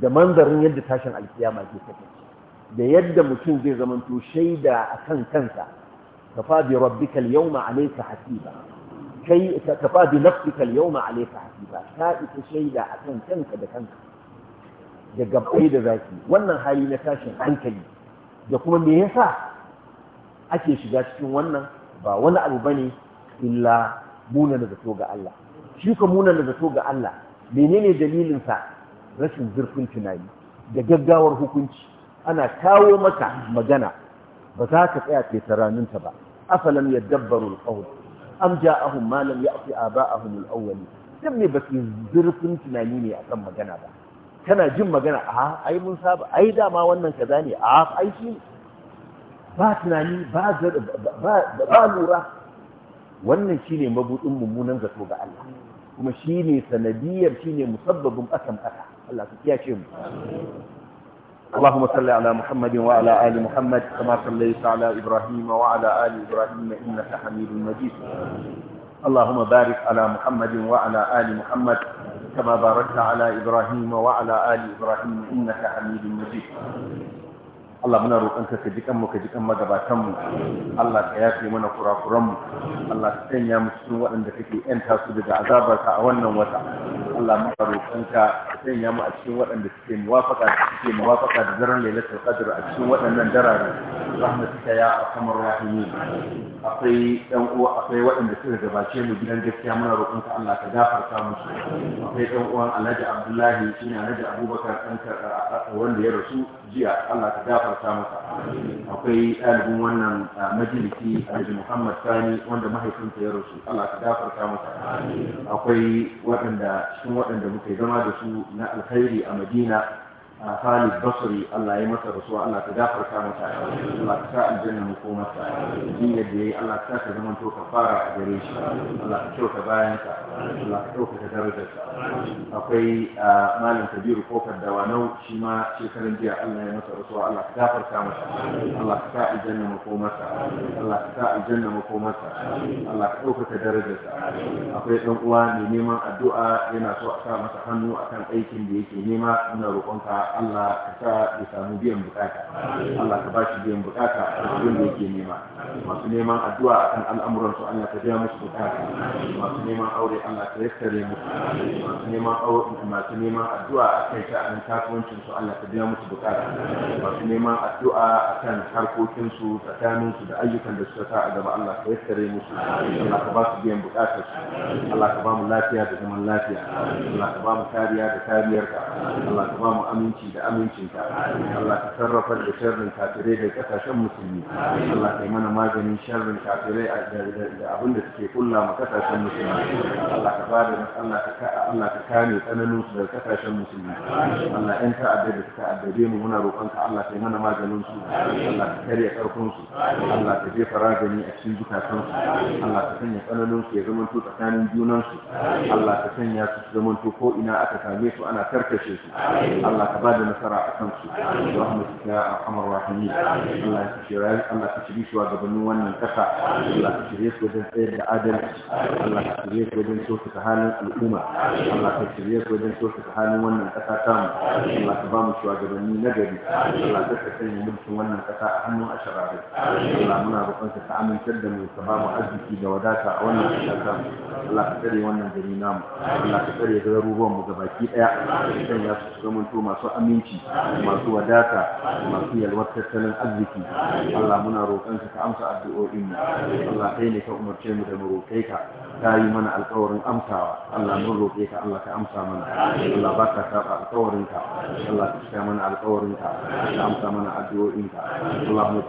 da manzarin yadda tashin alkiyama ke kasance da yadda mutum zai zamanto shaida kan kansa kafa bi rabbikal yawma alayka hasiba kai kafa bi nafsikal yawma alayka baki ba ta isa shaida a kan kanka da kanka da gabai da zaki wannan hali na tashin hankali da kuma me yasa ake shiga cikin wannan ba wani abu bane illa muna da zato ga Allah shi ka muna da zato ga Allah menene dalilin sa rashin zurfin tunani da gaggawar hukunci ana kawo maka magana ba za ka tsaya kai taraninta ba afalam yadabbarul qawl am ja'ahum ma lam ya'ti aba'ahum al-awwalin dan ne ba su zurfin tunani ne akan magana ba tana jin magana a ai mun saba ai dama wannan kaza ne a ai shi ba tunani ba ba lura wannan shine mabudin mummunan zato ga Allah kuma shine sanadiyar shine musabbabin akan ƙasa Allah ka kiyace mu اللهم صل على محمد وعلى آل محمد كما صليت على إبراهيم وعلى آل إبراهيم إنك حميد مجيد اللهم بارك على محمد وعلى آل محمد كما باركت على إبراهيم وعلى آل إبراهيم إنك حميد مجيد Allah muna roƙonka ka ji kanmu ka ji kan magabatan mu Allah ka yafe mana kurakuran mu Allah ka sanya mu cikin waɗanda kake yanta su daga azabarka a wannan wata Allah muna roƙonka ka sanya mu a cikin waɗanda suke muwafaka suke muwafaka da daren lailatul qadr a cikin waɗannan darare rahmatuka ya arhamar rahimin akwai ɗan uwa akwai waɗanda suka gabace mu gidan gaskiya muna roƙonka Allah ka gafarta musu akwai ɗan uwan Alhaji Abdullahi shine Alhaji Abubakar ɗan wanda ya rasu jiya Allah ka gafarta akwai ɗalibin wannan majalisi alhaji muhammad sani wanda mahaifinta ya rasu allah ka gafarta masa akwai waɗanda cikin waɗanda muka zama da su na alkhairi a madina Khalid Basri Allah ya masa rasuwa Allah ta gafarta mata Allah ka sa aljanna mu ko mata jiya da yayi Allah ka sa zaman to ka fara a gare shi Allah ta kyauta bayan ka Allah ta kyauta daraja ka akwai malam Kabiru kofar nau shi ma shekaran jiya Allah ya masa rasuwa Allah ta gafarta mata Allah ka sa aljanna mu ko mata Allah ka sa aljanna mu koma ta Allah ka kyauta darajar ka akwai dan uwa mai neman addu'a yana so a sa masa hannu akan aikin da yake nema muna roƙonka Allah ka sa ya samu biyan bukata Allah ka bashi biyan bukata cikin da yake nema masu neman addu'a akan al'amuran su Allah ka biya musu bukata masu neman aure Allah ka yassare musu masu neman aure masu neman addu'a akan sha'anin kasuwancin su Allah ka biya musu bukata masu neman addu'a akan harkokin su tsakanin su da ayyukan da suka sa a gaba Allah ka yassare musu Allah ka ba su biyan bukatar su Allah ka ba mu lafiya da zaman lafiya Allah ka ba mu kariya da kariyarka Allah ka ba mu aminci musulunci da amincinka Allah ka sarrafar da sharrin kafirai da kasashen musulmi Allah ka yi mana maganin sharrin kafirai da abin da suke kulla ma kasashen musulmi Allah ka bada Allah ka Allah ka kame tsananin su da kasashen musulmi Allah in ka adda da suka addabe mu muna roƙonka. Allah ka yi mana maganin su Allah ka karya karfin su Allah ka jefa ragani a cikin zukatan su Allah ka sanya tsananin su ya zama to tsakanin junan su Allah ka sanya su su zama to ko ina aka same su ana karkashe su Allah ka بعد ما شرع أسمك اللهم سكاء أرحم الراحمين الله تشريك الله تشريك وقب النوان من كفع الله تشريك وزن سيد عدل الله تشريك وزن سوف تحال الأمة الله تشريك وزن سوف تحال وان من كفع تام الله تبامش وقب النوان نجد الله تشريك وزن سوف وان من كفع أهم وأشر عدل الله منا رقم تتعامل كدا من سباب عزي في جوادات وان من كفع تام الله تشريك وان من جرينام الله تشريك وزن سوف تحال الأمة الله تشريك وزن سوف تحال aminci masu wadata masu yalwar tattalin arziki Allah muna roƙonka ka amsa addu'o'in mu Allah kai ne ka umarce mu da mu roƙe ka ka yi mana alƙawarin amsawa Allah mun roƙe ka Allah ka amsa mana Allah ba ka saba alƙawarin ka Allah ka cika mana alƙawarin ka ka amsa mana addu'o'in ka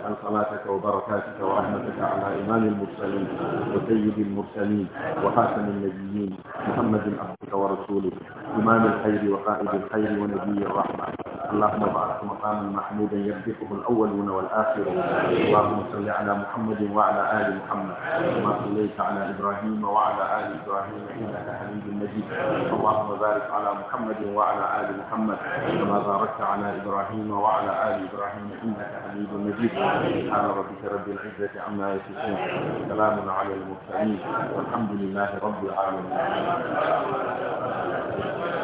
san salata ka wa ka wa rahmataka ala imamil mursalin wa sayyidil mursalin wa khatamin nabiyyin محمد عبدك ورسولك إمام الخير وقائد الخير ونبي الرحمة اللهم بارك مقاما محمودا يحدثه الأولون والآخرون اللهم صل على محمد وعلى آل محمد كما صليت على إبراهيم وعلى آل إبراهيم إنك حميد مجيد اللهم بارك على محمد وعلى آل محمد كما باركت على إبراهيم وعلى آل إبراهيم إنك حميد مجيد سبحان ربك رب العزة عما يصفون سلام على المرسلين والحمد لله رب العالمين